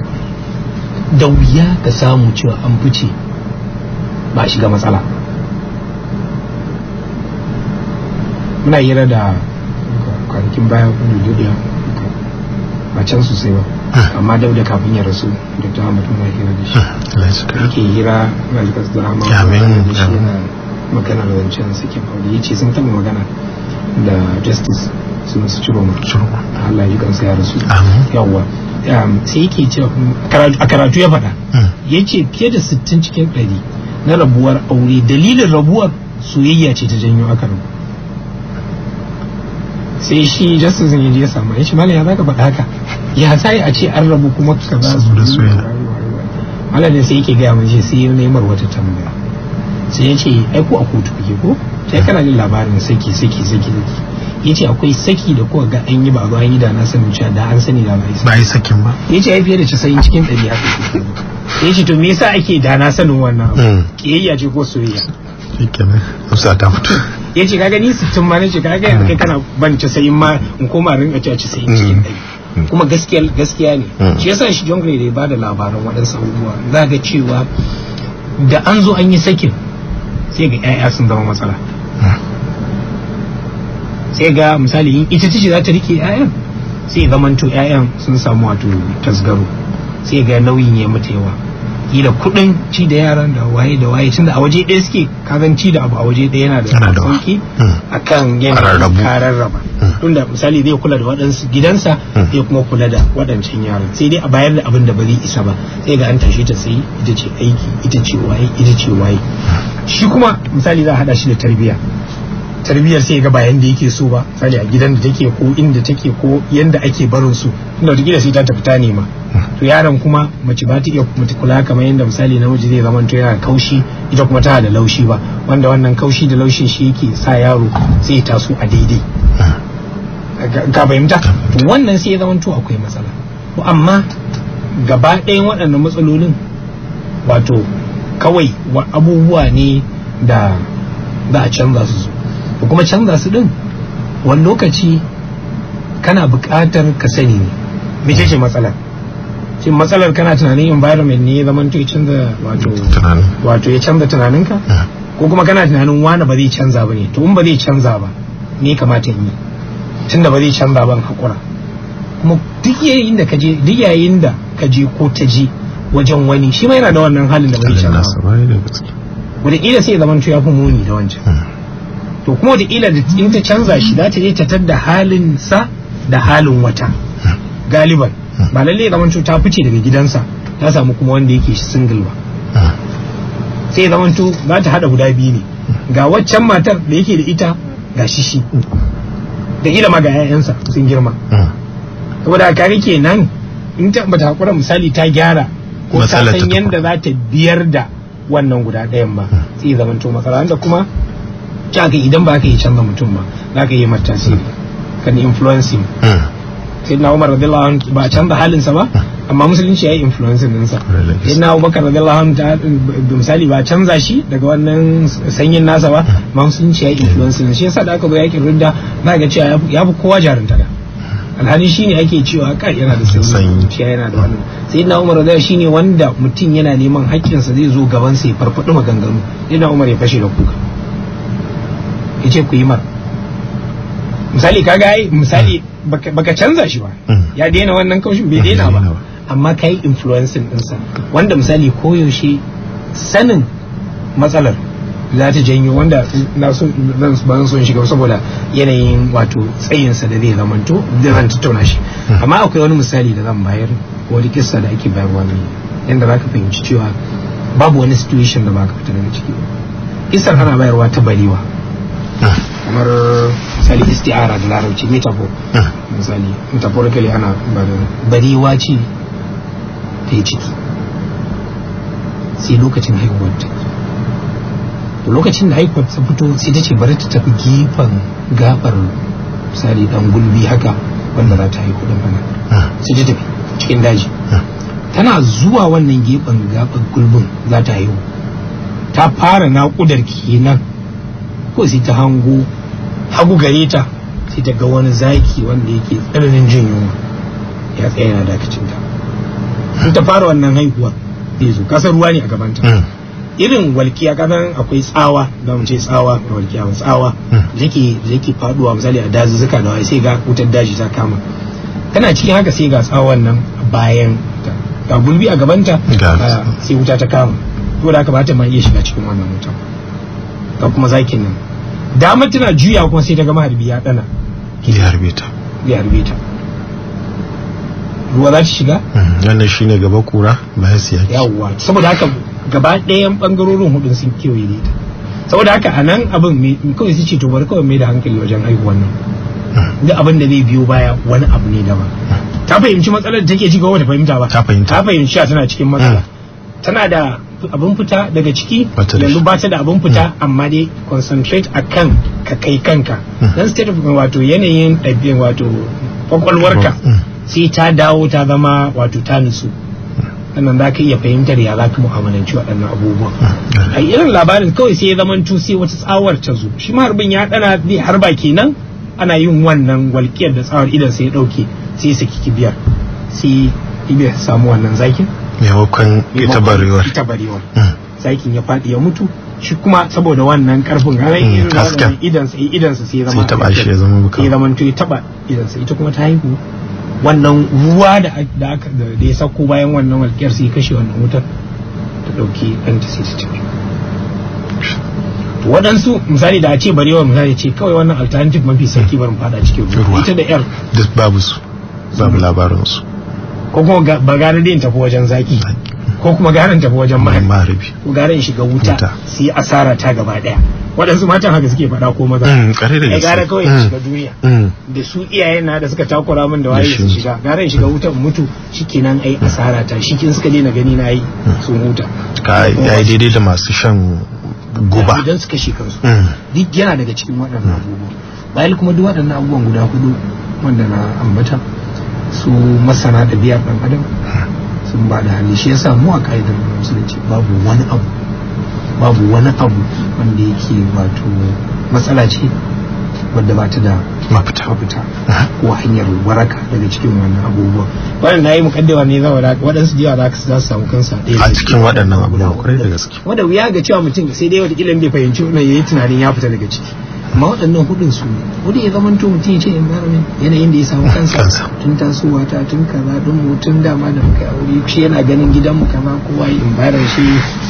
da wuya ka samu cewa an fice ba shi ga matsala muna hira da kwanakin baya kudu dubiya ba can sosai ba amma dauda kafin ya rasu dr hamadu na hira da shi hmm, ke hira malikas da ahmad da shi yana magana da wancan suke faɗi ya ce sun taɓa magana da justice sun su ciro mu Allah ya kansa ya rasu yawwa um, sai yake ce a karatu ya faɗa hmm. ya ce fiye da 60 cikin ɗari na rabuwar aure dalilin rabuwar soyayya ce ta janyo aka rabu sai shi justice ne ya samu ya ce malam ya zaka faɗa haka ya sai a ce an rabu kuma ka za su da soyayya malam ne sai yake gaya mun shi sai yana mar wata tambaya sai ya ce ai ko a kotu kuke ko sai kana jin labarin saki saki saki saki ya ce akwai saki da kuka ga an yi ba an yi da na sanin cewa da an sani da ba yi sakin ba ya ce ai fiye da sayin cikin ɗari haka ya ce to me yasa ake da na sanin wannan ƙiyayya hmm. ce ko soyayya shikenan hausa ta fito ya ce kaga ni sittin ma nace kaga yanzu kai kana ban 90 ma in koma rinka ci 90 cikin mm. kuma gaskiya gaskiya ne mm. shi yasa shi John da ya bada labaran waɗansu abubuwa za ga cewa da an zo an yi sakin sai ga 'ya'ya sun zama matsala mm. sai ga misali ita ce za ta rike 'ya'yan sai zamanto 'ya'yan sun samu wato tasgaro sai ga nauyin ya mata yawa kila kudin ci da yaran da waye da waye tunda a waje ɗaya suke kagan ci da abu a waje ɗaya yana da sauki hmm. akan yanayin kararraba hmm. tunda misali zai kula da waɗansu gidansa hmm. zai kuma kula da waɗancan yaran sai dai a bayar da abin da ba zai isa ba sai ga an tashi ta sai ita ce aiki ita ce waye ita ce waye shi kuma misali za a haɗa shi da tarbiyya tarbiyyar sai ga bayan da yake so ba misali a gidan da take ko inda take ko yanda ake barin su tunda wata sai ta tafi ta nema to yaron kuma mace ba ta iya kula kamar yadda misali namiji zai zama to yana kaushi ita kuma tana da laushi ba wanda wannan kaushi da laushi shi yake sa yaro sai taso a daidai ka fahimta to wannan sai ya zama to akwai matsala to amma gaba ɗayan waɗannan matsalolin wato kawai wa abubuwa ne da za a canza su da kuma canza su ɗin wani lokaci kana buƙatar ka sani ne mece ce matsalar shin matsalar kana tunanin environment ne zaman to ya canza wato wato ya canza tunaninka ko kuma kana tunanin wani ba zai canza ba ne to in ba zai canza ba ne kamata in yi tunda ba zai canza ban hakura kuma duk yayin da kaje duk yayin da kaje ko ta je wajen wani shi ma yana da wannan halin da ba zai canza ba ila sai ya zaman to ya fi muni da wancan hmm. to kuma ila da in ta canza shi za ta je ta tadda halin sa da halin wata hmm. galiban ba lalle ya zamanto ta fice daga gidansa ta samu kuma wanda yake single ba ah. sai ya zamanto za ta hada guda biyu ne ga waccan matar da yake da ita ga shishi da ila ma ga 'ya'yansa sun girma ah. saboda kare nan in ta bata hakura misali ta gyara ko ta san yadda za ta biyar da wannan guda ɗayan ba ah. sai zamanto matsala da kuma ka idan ba ka yi canza mutum ba za ka yi mata kan influencing sayyidina Umar radiyallahu anhu ba a canza halinsa ba amma musulunci ya yi influencing sa. sayyidina Abubakar radiyallahu anhu da misali ba canza shi daga wannan sanyin nasa ba amma musulunci ya yi influencing shi yasa da aka zo yakin rudda za ga cewa yafi kowa jarinta da alhali shine ake cewa kai yana da sanyi yana da wannan sayyidina Umar radiyallahu shine wanda mutum yana neman sa zai zo gaban sa ya farfaɗi maganganu sayyidina Umar ya fashe da kuka yace ku yi mar misali kaga ai misali baka canza shi ba hmm. ya daina wannan kaushin bai daina ba amma ka yi influencing ɗinsa wanda misali koyaushe sanin matsalar za ta janyo wanda na so ban son shiga saboda yanayin wato tsayinsa da zai zamanto da zan tattauna shi hmm. amma akwai wani misali da zan bayar wani kissa da ake bayarwa ne yadda za ka fahimci cewa babu wani situation da ba ka fita daga ciki kissar ana bayarwa ta barewa hmm. kamar misali isti'ara da larabci metafo ah. misali metaphorically ana ba da barewa ce ta yi ciki sai lokacin haihuwar ta da lokacin da haihuwar ta fito sai ta ce bari ta tafi gefen gafar misali dan gulbi haka wanda za ta haihu din bana ah. sai ta tafi cikin daji ah. tana zuwa wannan gefen gafar gulbin za ta haihu ta fara naƙudar kenan ko sai ta hango hagu gare ta sai ta ga wani zaki wanda yake tsananin jin yunwa ya tsaya yana dakacin ta in ta fara wannan haihuwa zai zo kasar ruwa ne a gabanta hmm. irin walkiya kanan akwai tsawa da mu ce tsawa da walkiya ba tsawa zake hmm. zake faduwa misali a dazuzzuka da wai sai ga wutar daji ta kama kana cikin haka sai ga tsawon nan bayan ga gulbi a gabanta ah, sai wuta ta kama to da aka ba ta ma iya shiga cikin wannan wutan ga kuma zakin nan dama tana juya kuma sai ta gama maharbi ya dana ya harbe ta ya harbe ta ruwa za ta shiga hmm, wannan shine gaba kura bayan siya yawwa saboda haka gaba ɗayan bangarorin hudun sun kewaye ne ta saboda haka a nan abin kawai su ce to bari kawai mai da hankali wajen haihuwan nan hmm. duk abin da zai biyo baya wani abu ne daban hmm. ta fahimci matsalar da take ci gaba ta fahimta ba ta fahimta ta fahimci tana cikin matsala tana da abin fita daga ciki yanzu ba da abin fita hmm. amma dai concentrate a kan ka kai kanka hmm. dan state of wato yanayin ɗabi'in wato kwakwalwarka hmm. sai ta dawo ta zama wato ta nisu sannan za ka iya fahimtar ya za ka mu'amalanci waɗannan abubuwan a irin labarin kawai sai ya zaman sai wata tsawar ta zo shi harbin ya ɗana zai harba kenan ana yin wannan walƙiyar da tsawar idan sai ya ɗauke sai ya saki kibiyar sai kibiyar samu wannan zakin maimakon ita barewar ita barewar Saikin mm. ya faɗi ya mutu shi kuma saboda wannan karfin mm, rai idan eh, sai idan sai sai zama taba shi ya zama buka sai zaman to ya taba idan sai ita kuma ta haihu wannan ruwa da aka da ya sako bayan wannan walƙiyar sai kashe wannan wutar ta dauki ɗanta sai ta waɗansu misali da a ce barewar misali ce kawai wannan alternative mafi sarki barin fada cikin ruwa ita da yar babu su babu labarin su ko kuma ba gane din tafi wajen zaki ko kuma garan tafi wajen maharibi gane in shiga wuta su yi asara ta gaba daya waɗansu matan haka suke faɗa ko maza ya mm, gara kawai in mm, shiga duniya mm. da su iyayen na da suka takura min da waye su shiga gara in shiga wuta mutu shikenan ai asara ta shikin suka daina gani na yi sun huta ka yi daidai da masu shan guba idan suka shi kansu duk yana daga cikin waɗannan abubuwa bayan kuma duk waɗannan abubuwan guda hudu wanda na ambata su masana biya ɗan adam sun ba da hali shi yasa mu a ka'idar musulunci babu wani abu babu wani abu wanda yake wato matsala ce wadda ba ta da mafita mafita ko hanyar waraka daga cikin wannan abubuwa wannan na yi mukaddawa ne za wadaka waɗansu jiwa za su samu kansa ɗaya a cikin waɗannan abu da kwarai da gaske wanda wuya ga cewa mutum sai dai wata bai fahimci wannan yayi tunanin ya fita daga ciki amma waɗannan hudun su wani ya zama mutum ya ce environment yanayin da ya samu kansa tun tasowa ta tun kaza don mutum dama da muka aure shi yana ganin gidanmu kama kowa ya environment shi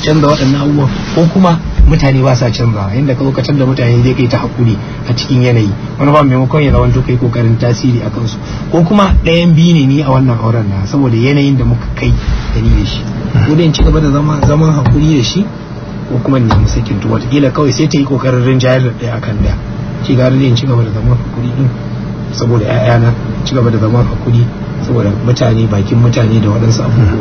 canza waɗannan abubuwa ko kuma mutane ba sa canza inda ka lokacin da mutane zai kai ta hakuri a cikin yanayi wani ba maimakon ya zamanto kai kokarin tasiri a kansu ko kuma ɗayan biyu ne ni a wannan auren na saboda yanayin da muka kai da ni da shi ko ci gaba da zama zaman hakuri da shi ko kuma nemi sakin wata watakila kawai sai ta yi kokarin rinjayar da ɗaya akan ɗaya ki gara da in ci gaba da zaman hakuri din saboda ƴaƴana ci gaba da zaman hakuri saboda mutane bakin mutane da waɗansu abubuwa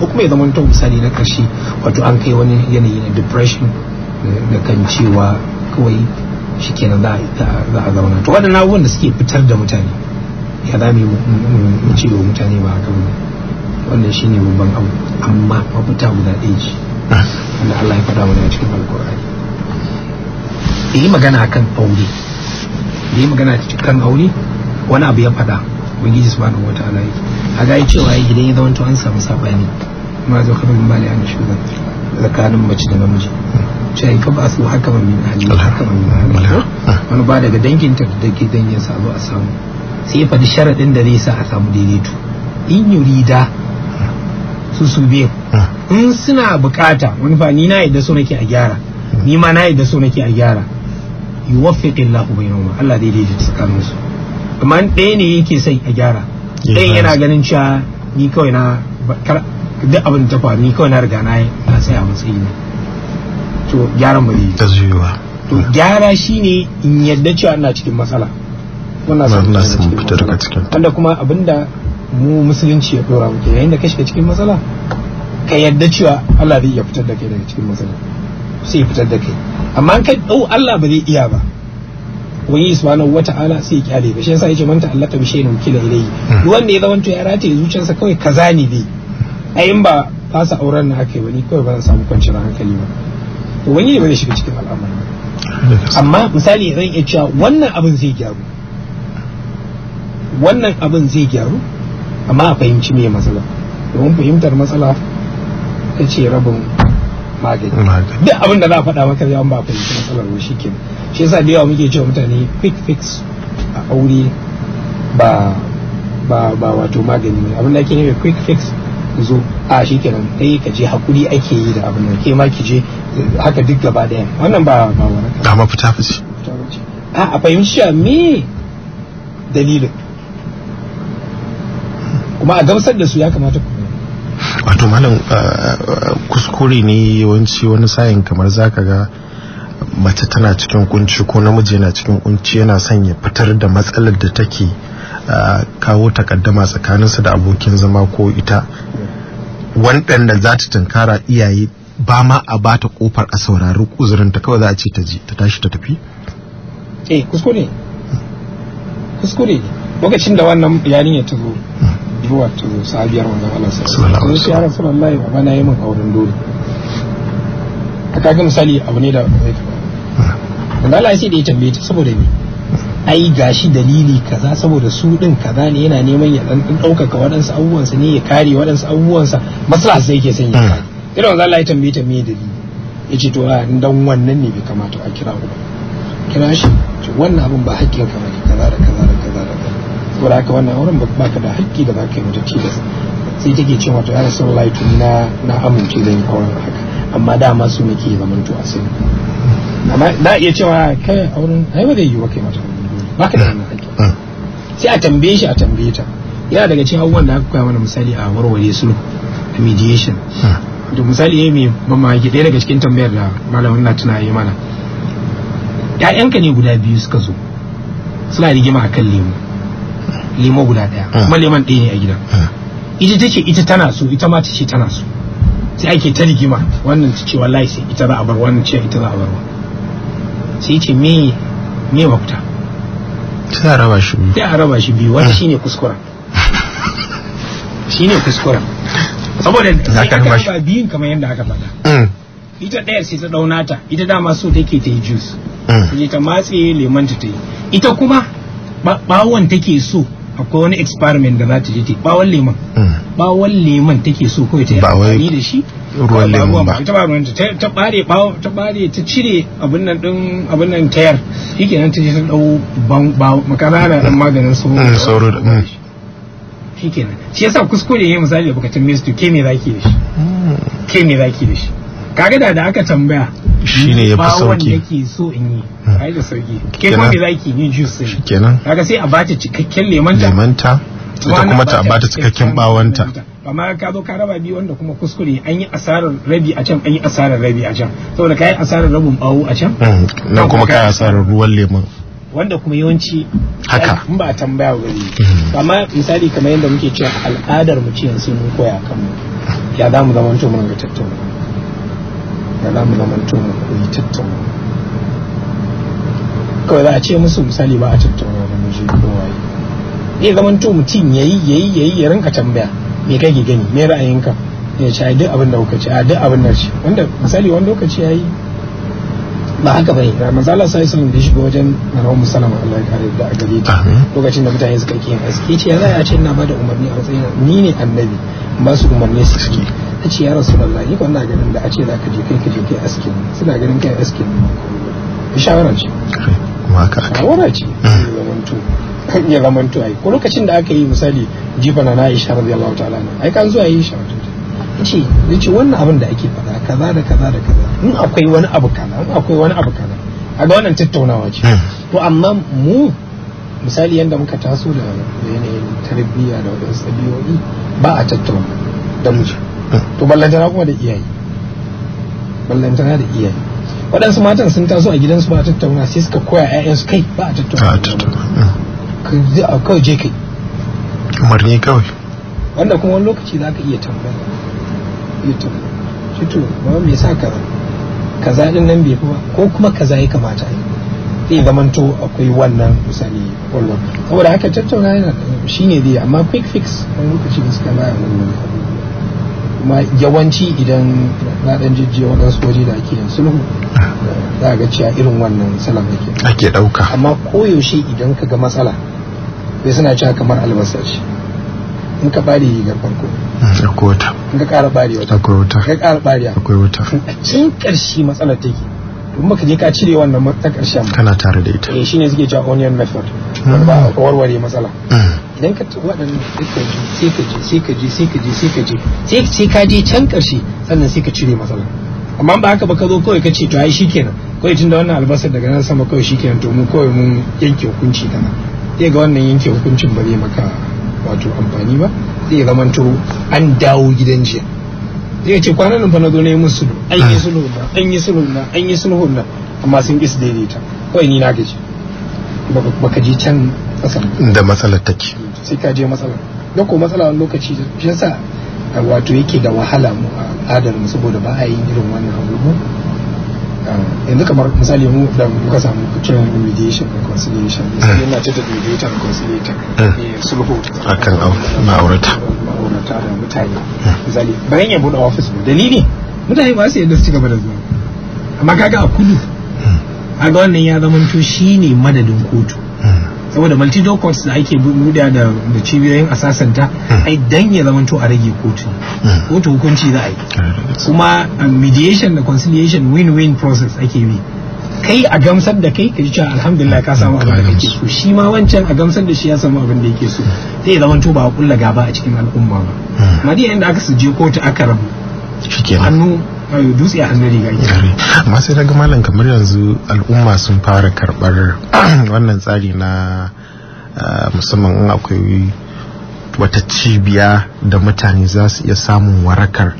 ko kuma ya zama ta misali na ƙarshe wato an kai wani yanayi na depression da kan cewa kawai shi kenan za a zauna to waɗannan abubuwan da suke fitar da mutane ya za mu ci wa mutane ba haka wannan shine babban abu amma mafita guda ɗaya ce wanda Allah ya faɗa mana cikin Da yi magana akan aure Da yi magana cikin aure wani abu ya faɗa Wani ubangiji subhanahu wataala yake kaga ya cewa ya gidan ya zamanto an samu sabani ma zo kabin mali an shuga tsakanin mace da namiji cewa ka ba su haka ba min ahli haka ba min ahli wani ba daga danginta da ke dangin sa zo a samu sai ya faɗi sharaɗin da zai sa a samu daidaito in yurida su su biyu ah. in suna bukata wani fa ni na yadda so nake a gyara ni ma na yadda so nake a gyara bai bainahuma Allah daidai daidaita tsakanin su amma ɗaya ne yake sai a gyara ɗayan yana ganin cewa ni kawai na duk abin ta fa ni kawai na riga na yi na sai a matsayi ne to gyaran ba zai yi to gyara shine in yadda cewa ina cikin matsala wannan sun fita daga cikin wanda kuma abinda mu musulunci ya dora mu yayin da ka shiga cikin matsala ka yadda cewa Allah zai iya fitar da kai daga cikin matsala sai fitar da kai amma an kai dau Allah ba zai iya ba wani wata ala sai ya kyale ba shi yasa yace Allah ta'allaka bi shay'in kila ilayhi hmm. duk wanda ya zawanto ya rataye zuciyarsa kawai kaza ne dai ayin ba sa auren na haka ni kawai ba zan samu kwanciyar hankali ba to wani ne ba zai shiga cikin al'amari amma misali zan iya cewa wannan abin zai gyaru wannan abin zai gyaru amma a fahimci me matsala domin fahimtar matsala ta ce rabin magani duk abin da za a faɗa maka yawan ba fahimci matsalar ba shi ke shi yasa da yawa muke cewa mutane quick fix a aure ba ba ba wato magani ne abin da ake nufi quick fix zo a shi kenan ɗaya eh, ka je hakuri ake yi da abin da ke ma ki je haka duk gaba ɗaya wannan ba ba wani ba mafita fice a a me dalilin kuma a gamsar da su ya kamata ku wato malam uh, uh, kuskure ne yawanci wani sayin kamar zaka ga mace tana cikin kunci ko namiji yana cikin kunci yana son ya fitar da matsalar da take uh, kawo takaddama tsakaninsa da abokin zama ko ita waɗanda za ta tunkara iyaye ba ma a ba ta kofar a saurari uzurin kawai za a ce ta ji ta tashi ta tafi eh kuskure kuskure lokacin da wannan bayanin ya tazo zuwa tazo sabiyar wannan Allah sallallahu alaihi wasallam ya rasulullahi wa bana yayin auren dole a kaga misali abu ne da bai ba. Allah sai da ya tambaye ta saboda me ai gashi dalili kaza saboda su din kaza ne yana neman ya dan daukaka waɗansu abubuwansa ne ya kare waɗansu abubuwansa maslaha sai yake son ya kare hmm. irin wanzu Allah ya tambaye ta me dalili ya ce to a dan wannan ne bai kamata a kira ku kira shi ce wannan abin ba haƙƙin ka bane kaza da kaza da kaza da kaza da haka wannan auren ba ka da haƙƙi da za ka yi ci da sai take ce mata ya rasu lai tuni na na amince zan yi kawai haka amma dama su muke to a sai amma na iya cewa kai auren ai ba zai yi wa kai mata ba ka da wannan haƙƙi ah. Ah. sai a tambaye shi a tambaye ta yana daga cikin abubuwan da aka koya mana misali a warware su a mediation da ah. misali ya mai mamaki ɗaya daga cikin tambayar da malamin na tuna yi mana 'ya'yanka ne guda biyu suka zo suna rigima akan lemo lemo guda ɗaya ah. kuma leman ɗaya ne a gidan ah. ita take ita tana so ita ma ce tana so sai ake ta rigima wannan ta ce wallahi sai ita za a bar wannan ce ita za a bar sai ce me me mafita sai a raba shi biyu sai a raba shi biyu wanda ah. shine kuskura shine kuskura saboda sai aka raba biyun kamar yadda aka faɗa mm. ita ɗaya sai ta ta ita dama so take ta yi jus hmm. sai ta matse lemon ta ta yi ita kuma bawon take so akwai wani experiment da za ta je ta bawon leman bawon hmm. leman take so kawai ta yi amfani da shi ruwan lemun ba ita ba ruwan ta ta bare bawo ta bare ta cire abin nan din abin nan tayar nan ta je ta dau ban bawo makana na dan maganin sauro da shi yasa kuskure yayin misali da bukatun mistu ke me zaki da shi ke me da shi kagada da da aka tambaya shine ya fi sauki ba ke so in yi ai da sauki ke kuma me zaki yi juice shi kenan kaga sai a bata cikakken lemanta lemanta ita kuma ta bata cikakken bawanta amma ka zo ka raba biyu wanda kuma kuskure an yi asarar rabi a can an yi asarar rabi a can saboda ka yi asarar rabin bawo a can mm. nan kuma ka yi asarar ruwan lemon wanda kuma yawanci haka in ba a tambaya wani mm-hmm. amma misali kamar yadda muke cewa al'adar mu ce yanzu mun koya kanmu ya za mu zama mun ga tattauna da za mu zamanto mu koyi tattauna kawai za a ce musu misali ba a tattauna da mu kowaye ya zamanto mutum yi ya yi ya rinka tambaya me kake gani me ra'ayinka ya ci duk abin da kuka ci a duk abin da ci wanda misali wani ya yi ba haka bane da manzo Allah sai sun da shiga wajen Narawu Musallama Allah ya kare da a gare ta lokacin da mutane suka yin aski ce ya za a ce ina da umarni a matsayin ni ne annabi ba su umarni su suke ta ce ya rasu wallahi ni kwanna ganin da a ce za ka je kai ka je kai askin suna ganin kai askin shawara ce kuma haka aka shawara ce hmm. zamanto ya zamanto ai ko lokacin da aka yi misali jifa na Aisha radiyallahu ta'ala na ai kan zuwa yi shawara ce ce wannan abin da ake faɗa kaza da kaza da kaza in akwai wani abu kana. in akwai wani abu kana. A ga wannan tattaunawa ce hmm. to amma mu misali yadda muka taso da yanayin tarbiyya da wadansu ɗabi'o'i ba a tattauna da mu to ballantana kuma da iyaye ballantana da iyaye waɗansu matan sun taso a gidansu ba a tattauna sai suka koya su kai ba a tattauna mm. ka kawai je kai umarni kawai wanda kuma wani lokaci za ka iya tambaya iya tambaya fito ba me sa kaza kaza din nan bai kuma ko kuma kaza ya kamata zai zamanto akwai wannan misali kullum saboda haka tattauna yana shine dai amma quick fix wani lokaci suka baya wani yawanci idan na dan jijjiya waɗansu waje da ake yin sulhu za ga cewa irin wannan salam ake ake ɗauka amma koyaushe idan ka ga matsala bai suna cewa kamar albasa ce in ka bari ga farko mm, akwai wuta in ka ƙara bari wata akwai wuta ka ƙara bari akwai wuta a cikin ƙarshe matsalar take Kuma maka je ka cire wannan ta karshen kana tare da ita eh shine suke cewa onion method ba mm. warware matsala mm. idan ka ci waɗannan sai ka je sai ka je sai ka je sai ka je sai ka je sai ka je can karshe sannan sai ka cire matsala amma ba haka ba ka zo kawai ka ce to ai shikenan kawai tunda wannan albasar daga nan sama kawai shikenan to mu kawai mun yanke hukunci kana sai ga wannan yanke hukuncin ba zai maka wato amfani ba zai zamanto an dawo gidan jiya zai ce kwanan nan fa na zo na yi musu sulhu an yi ah. sulhu na an yi sulhu na an yi sulhu na amma sun kisa daidaita kawai ni na gaji baka je can kasa da matsalar take sai ka je matsalar da ko matsala wani lokaci shi yasa wato yake da wahala mu a 'adar mu saboda ba a yi irin wannan abubuwan yanzu kamar misali mu da muka samu kiran mediation and conciliation hmm. sai yana ce da mediator and conciliator hmm. sulhu akan ma'aurata ma'aurata da mutane hmm. misali bayan ya buɗe office mu dalili mutane ba su yadda su ci gaba da zuwa amma kaga a kudu ga wannan ya zama to shine madadin kotu saboda multi courts da ake buɗe da cibiyoyin asasanta hmm. ai dan ya zama to a rage kotu hmm. kotu hukunci za a yi kuma um, mediation da conciliation win-win process ake yi kai a gamsar da kai ka ji cewa alhamdulillah ka samu abin da kake so hmm. shi ma wancan a gamsar da shi ya samu abin da yake so sai ya zamanto ba a kulla gaba a cikin al'umma ba amma da aka su je kotu aka rabu hannu dutse a hannun riga ita masu daga malam kamar yanzu al'umma sun fara karɓar <clears throat> wannan tsari na ah, musamman in akwai wata cibiya da mutane za su iya samun warakar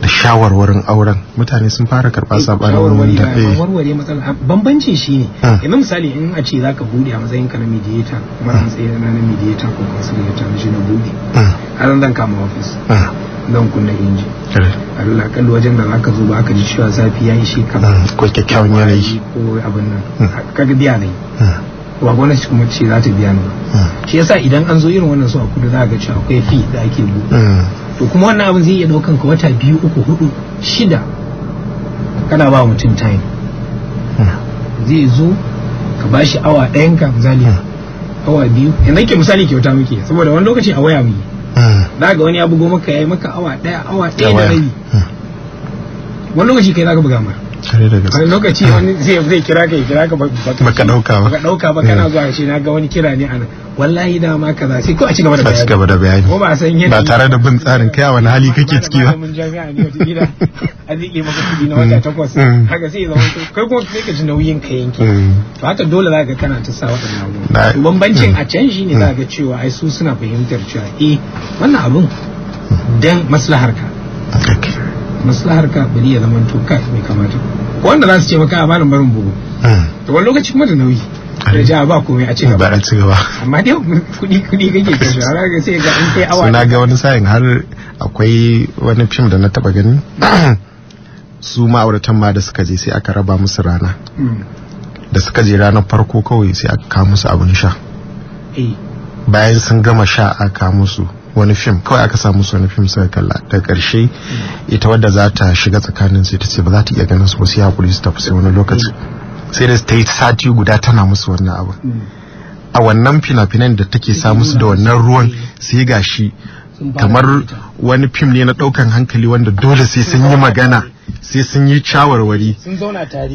da shawarwarin auren mutane sun fara karɓa eh, sabanin wanda eh warware matsala bambancin ne. Hmm. yanzu misali in a ce za ka bude a matsayin ka na mediator kuma a matsayin hmm. na mediator ko da na shi na bude hmm. har zan kama office zan kunna inji eh. Allah kalli wajen da aka zo ba aka ji cewa zafi ya yi shi ka hmm, ko kyakkyawan yanayi ko abin nan hmm. kaga biya ne hmm. ba shi kuma ce za ta biya ni ba shi yasa idan an zo irin wannan su a kudu za ga cewa akwai fi da ake bu to kuma wannan abin zai iya daukan ka wata biyu uku hudu shida kana ba mutum time zai zo ka ba awa ɗayan ka misali awa biyu yanda ke misali kyauta muke saboda wani lokaci a waya muke za ga wani ya bugo maka ya yi maka awa daya awa daya da rai wani lokaci kai za ka buga mara kare da gaske lokaci wani zai kira ka kira ka baka dauka ba baka dauka ba kana eh. zuwa shi na ga wani kira ne anan wallahi da ma kaza sai ko a cigaba da bayani a cigaba da bayani ko ba san yadda ba tare da bin tsarin kai a wani hali kake ciki ba mun jami'a ne wata gida an rike maka kudi na wata mm. takwas mm. haka sai zama kai kuma kai ka ji nauyin ka yanke mm. to haka dole za ka kana ta sa waɗannan abubuwa bambancin a can shine za ga cewa ai su suna fahimtar cewa eh wannan abun dan maslahar ka maslahar ka bari ya zama to kai mai kamata wanda za su ce maka ba malam barin bugu ah. to wani lokaci kuma da nauyi da ja ba komai a cigaba ba a cigaba amma dai kudi kudi kake kashe har <laughs> ga sai ga an kai awa na ga wani sa'in har akwai wani fim da na taba gani <coughs> su ma'auratan ma da suka je sai aka raba musu rana hmm. da suka je ranar farko kawai sai aka kawo musu abin sha eh. bayan sun gama sha aka musu wani fim kawai aka samu su wani fim suka kalla da karshe ita wadda za ta shiga tsakanin sai ta ce ba za ta iya ganin su ba sai hakuri su tafi sai wani lokaci sai da ta yi sati guda tana musu wannan abu a wannan fina-finan da take sa musu da wannan ruwan sai gashi kamar wani fim ne na daukan hankali wanda dole sai sun yi magana sai sun yi shawarwari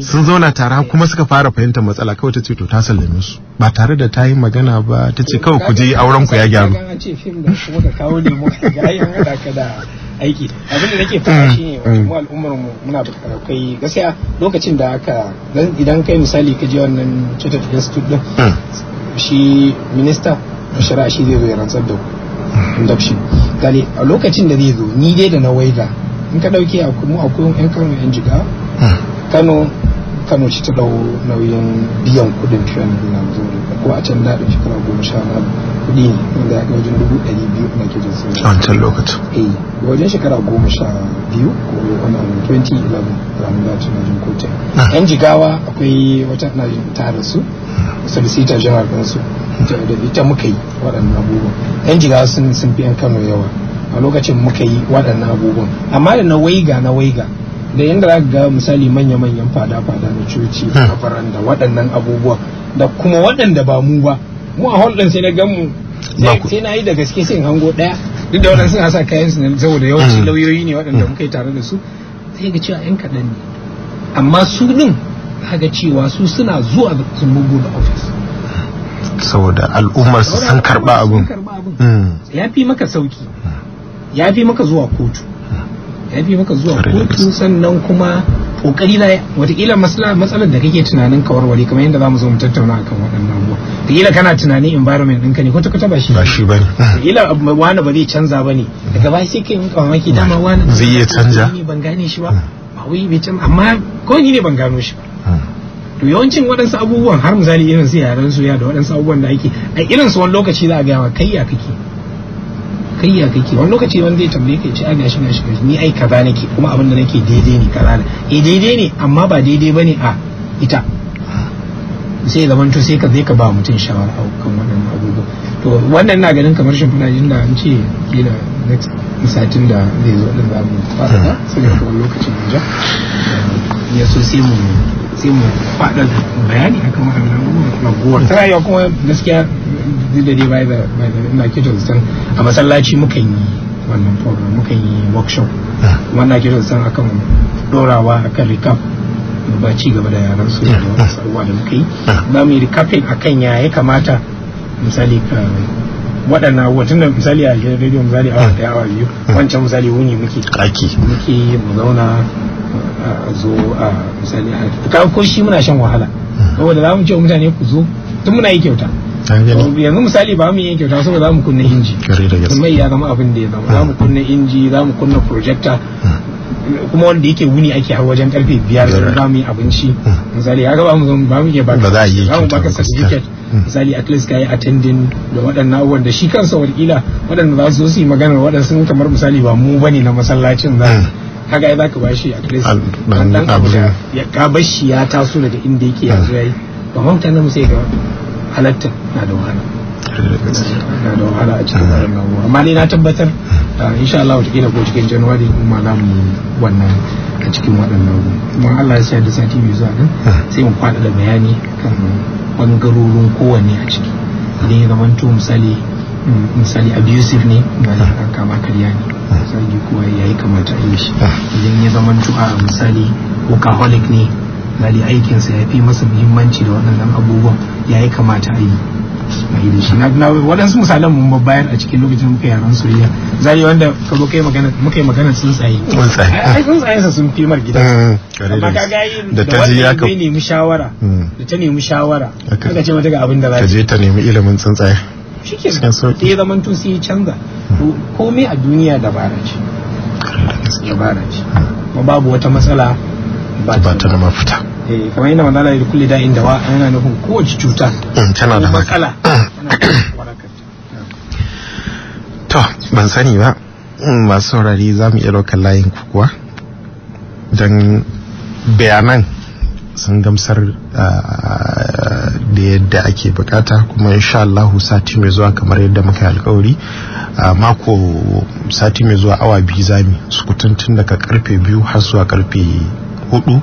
sun zauna tare kuma suka fara fahimta matsala kawai ta ce to ta sallame su ba tare da ta yi magana ba ta ce kawai ku je auren ku ya gyaru aiki abin da nake fara mm, shine mm. mu al'ummar mu muna da kai gaskiya lokacin da aka idan kai misali ka je wannan cutar institute din mm. shi minista shari'a shi zai zo ya rantsar da ku induction a lokacin da zai zo ni dai da na waida in ka dauke a a akwai yan kano yan jiga ah. kano kano shi ta dau nauyin biyan kudin fiyan na zuri ko a can daɗin shekara goma sha na kudi ne wanda ya wajen dubu ɗari biyu na ke jinsu a can lokacin eh wajen shekara goma sha biyu ko wani abu 2011 ranar datin na jin kotun yan ah. jigawa akwai wata na jin tare su solicitor general ɗinsu da hmm. ita muka yi waɗannan abubuwan yan jigawa sun fi yan kano yawa a lokacin muka yi waɗannan abubuwan amma da na waiga na waiga da yadda za ga misali manya-manyan fada-fada na coci hmm. a da waɗannan abubuwa da kuma waɗanda ba mu ba mu a hall sai na gan mu eh, sai na yi da gaske sai hango ɗaya duk da waɗansu na sa kayan su ne saboda yawanci hmm. lauyoyi ne waɗanda hmm. muka yi tare da su sai ga cewa yan kaɗan ne amma su ɗin ga cewa su suna zuwa su mugu da ofis saboda al'ummar su sun karɓa abin ya fi maka sauki ya fi maka zuwa kotu ya fi maka zuwa kotu sannan kuma kokari na watakila matsalar da kake tunanin kawarware kamar yadda mu zo mu tattauna akan waɗannan abubuwa watakila kana tunanin environment ɗinka ne kwata kwata ba shi ba shi bane watakila wani ba zai canza ba ne daga ba shi kai muka mamaki dama wani zai iya canja ban gane shi ba hmm. ba wai bai canza amma ko ni ne ban gano shi ba hmm. to yawancin waɗansu abubuwan har misali irin su yaran su ya da waɗansu abubuwan da ake a irin su wani lokaci za a gaya wa kai ya kake sakayya kake wani lokaci wani zai tambaye ka ce a gashi gashi gashi ni ai kaza nake kuma abin da nake daidai ne kaza ne eh daidai ne amma ba daidai bane a ita sai zaman to sai ka zai ka ba mutum shawara a kan wannan abubuwa to wannan na ganin kamar shimfiɗa jin da an ce kila next misatin da zai zo ɗin zamu fara sai da lokaci lokacin da ya so sai mu sai mu faɗa bayani akan wannan abubuwa kuma gaskiya duk da dai bai da ina kito san a masallaci mukan yi wannan program mukan yi workshop ah. wannan kito san akan dorawa akan recap ba ci gaba da yaran su da ah. wasu abubuwa da muka yi ah. ba mu yi akan ya ya kamata misali ka waɗannan wajen da misali a gidan radio misali awa wata awa biyu wancan misali wuni muke kaki muke mu zauna a zo a misali a ko shi muna shan wahala saboda za mu ce mutane ku zo tun muna yi kyauta yanzu misali ba mu yi kyauta saboda za mu kunna inji kuma ya zama abin da ya zama za mu hmm. kunna inji za mu kunna projector hmm. kuma wanda yake wuni ake har wajen karfe biyar sun ba mu yi abinci hmm. misali ya gaba mu ba mu yi ba za a yi baka certificate misali at least kai attending da waɗannan abubuwan da shi kansa wakila waɗanda za su zo su yi waɗanda sun kamar misali ba mu bane na masallacin za kaga ya zaka bashi at least wannan abu da ya ka bashi ya taso daga inda yake yanzu yayi ba mutane mu sai ga halatta na da wahala na da wahala a cikin wannan abubuwa amma ne na tabbatar uh, insha Allah wata ko cikin januwari kuma na mu wannan a cikin waɗannan kuma Allah ya da sati mai zuwa din sai mu faɗa da bayani kan bangarorin kowanne a ciki idan ya zamanto misali mm, misali abusive ne misali kama karya ne misali kuwa yayi yi kamata a yi shi idan ya zamanto a misali workaholic ne misali aikinsa ya fi masa muhimmanci da waɗannan abubuwan ya yi kamata a yi mai da shi na waɗansu misalan mun bayan a cikin lokacin muka yaran soyayya zai wanda ka zo kai magana muka yi magana tsuntsaye tsuntsaye sa sun fi mar gida mm, amma ka ga da ta ji ya ka nemi shawara mm. da ta nemi shawara kaga ce mata ga abin da za ta je ta nemi ilimin tsuntsaye shike da ya zaman mm. to sai canza komai a duniya dabara ce dabara ce babu wata matsala ba ta da mafita eh, kamar yana wani alayi kulle da inda wa yana nufin kowace cuta mm, tana da matsala <clears throat> to ban sani ba mm, masu saurari za mu iya ɗaukar layin kuwa don bayanan sun gamsar ah, da yadda ake bukata kuma insha Allah sati mai zuwa kamar yadda muka alkawari ah, mako sati mai zuwa awa biyu zami sukutuntun daga karfe biyu har zuwa karfe hudu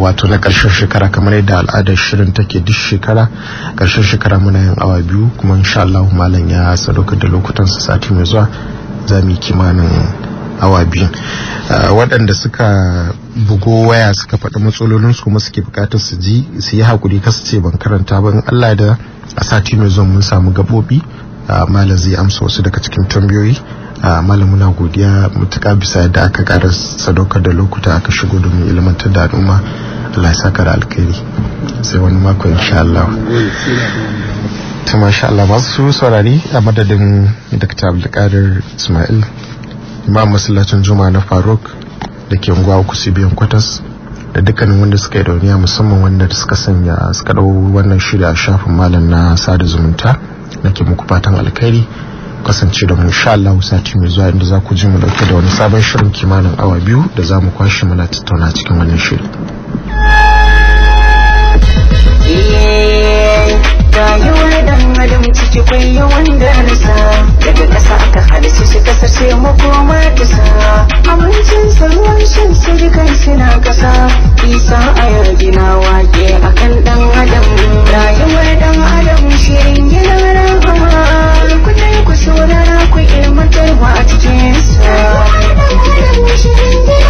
wato na karshen shekara kamar yadda al'adar shirin take duk shekara karshen shekara muna yin awa biyu kuma insha Allah malam ya sadauka da lokutan sa sati mai zuwa za mu yi kimanin awa biyu waɗanda suka bugo waya suka faɗi matsalolin su kuma suke bukatar su ji su yi hakuri kasu ce ban karanta ba in Allah da a sati mai zuwa mun samu gabobi malam zai amsa wasu daga cikin tambayoyi a malamuna godiya mutuka bisa yadda aka kara sadaukar da lokuta aka shigo domin ilmantar da al'umma Allah ya saka da alkhairi sai wani mako insha Allah ta masha Allah masu saurari a madadin Dr. Abdulkadir Ismail imam masallacin Juma'a na Faruk da ke unguwa uku biyan kwatas da dukkanin wanda suka yi dauniya musamman wanda suka sanya suka dau wannan shirya a shafin malam na sada zumunta nake muku fatan alkhairi kasance da mu insha Allah sati mai zuwa inda za ku ji mu dauke da wani sabon shirin kimanin awa biyu da za mu kwashe muna tattauna cikin wannan shiri yeah. cike ciki kwai yawan na sa daga ƙasa aka halice shi kasar sai makoma ta sa amincin sa ruwan shan su kai suna kasa isa a yargi na a akan ɗan adam rayuwar ɗan adam shirin gina rahama kudai ku saurara ku ilmantarwa a cikin sa rayuwar adam shirin gina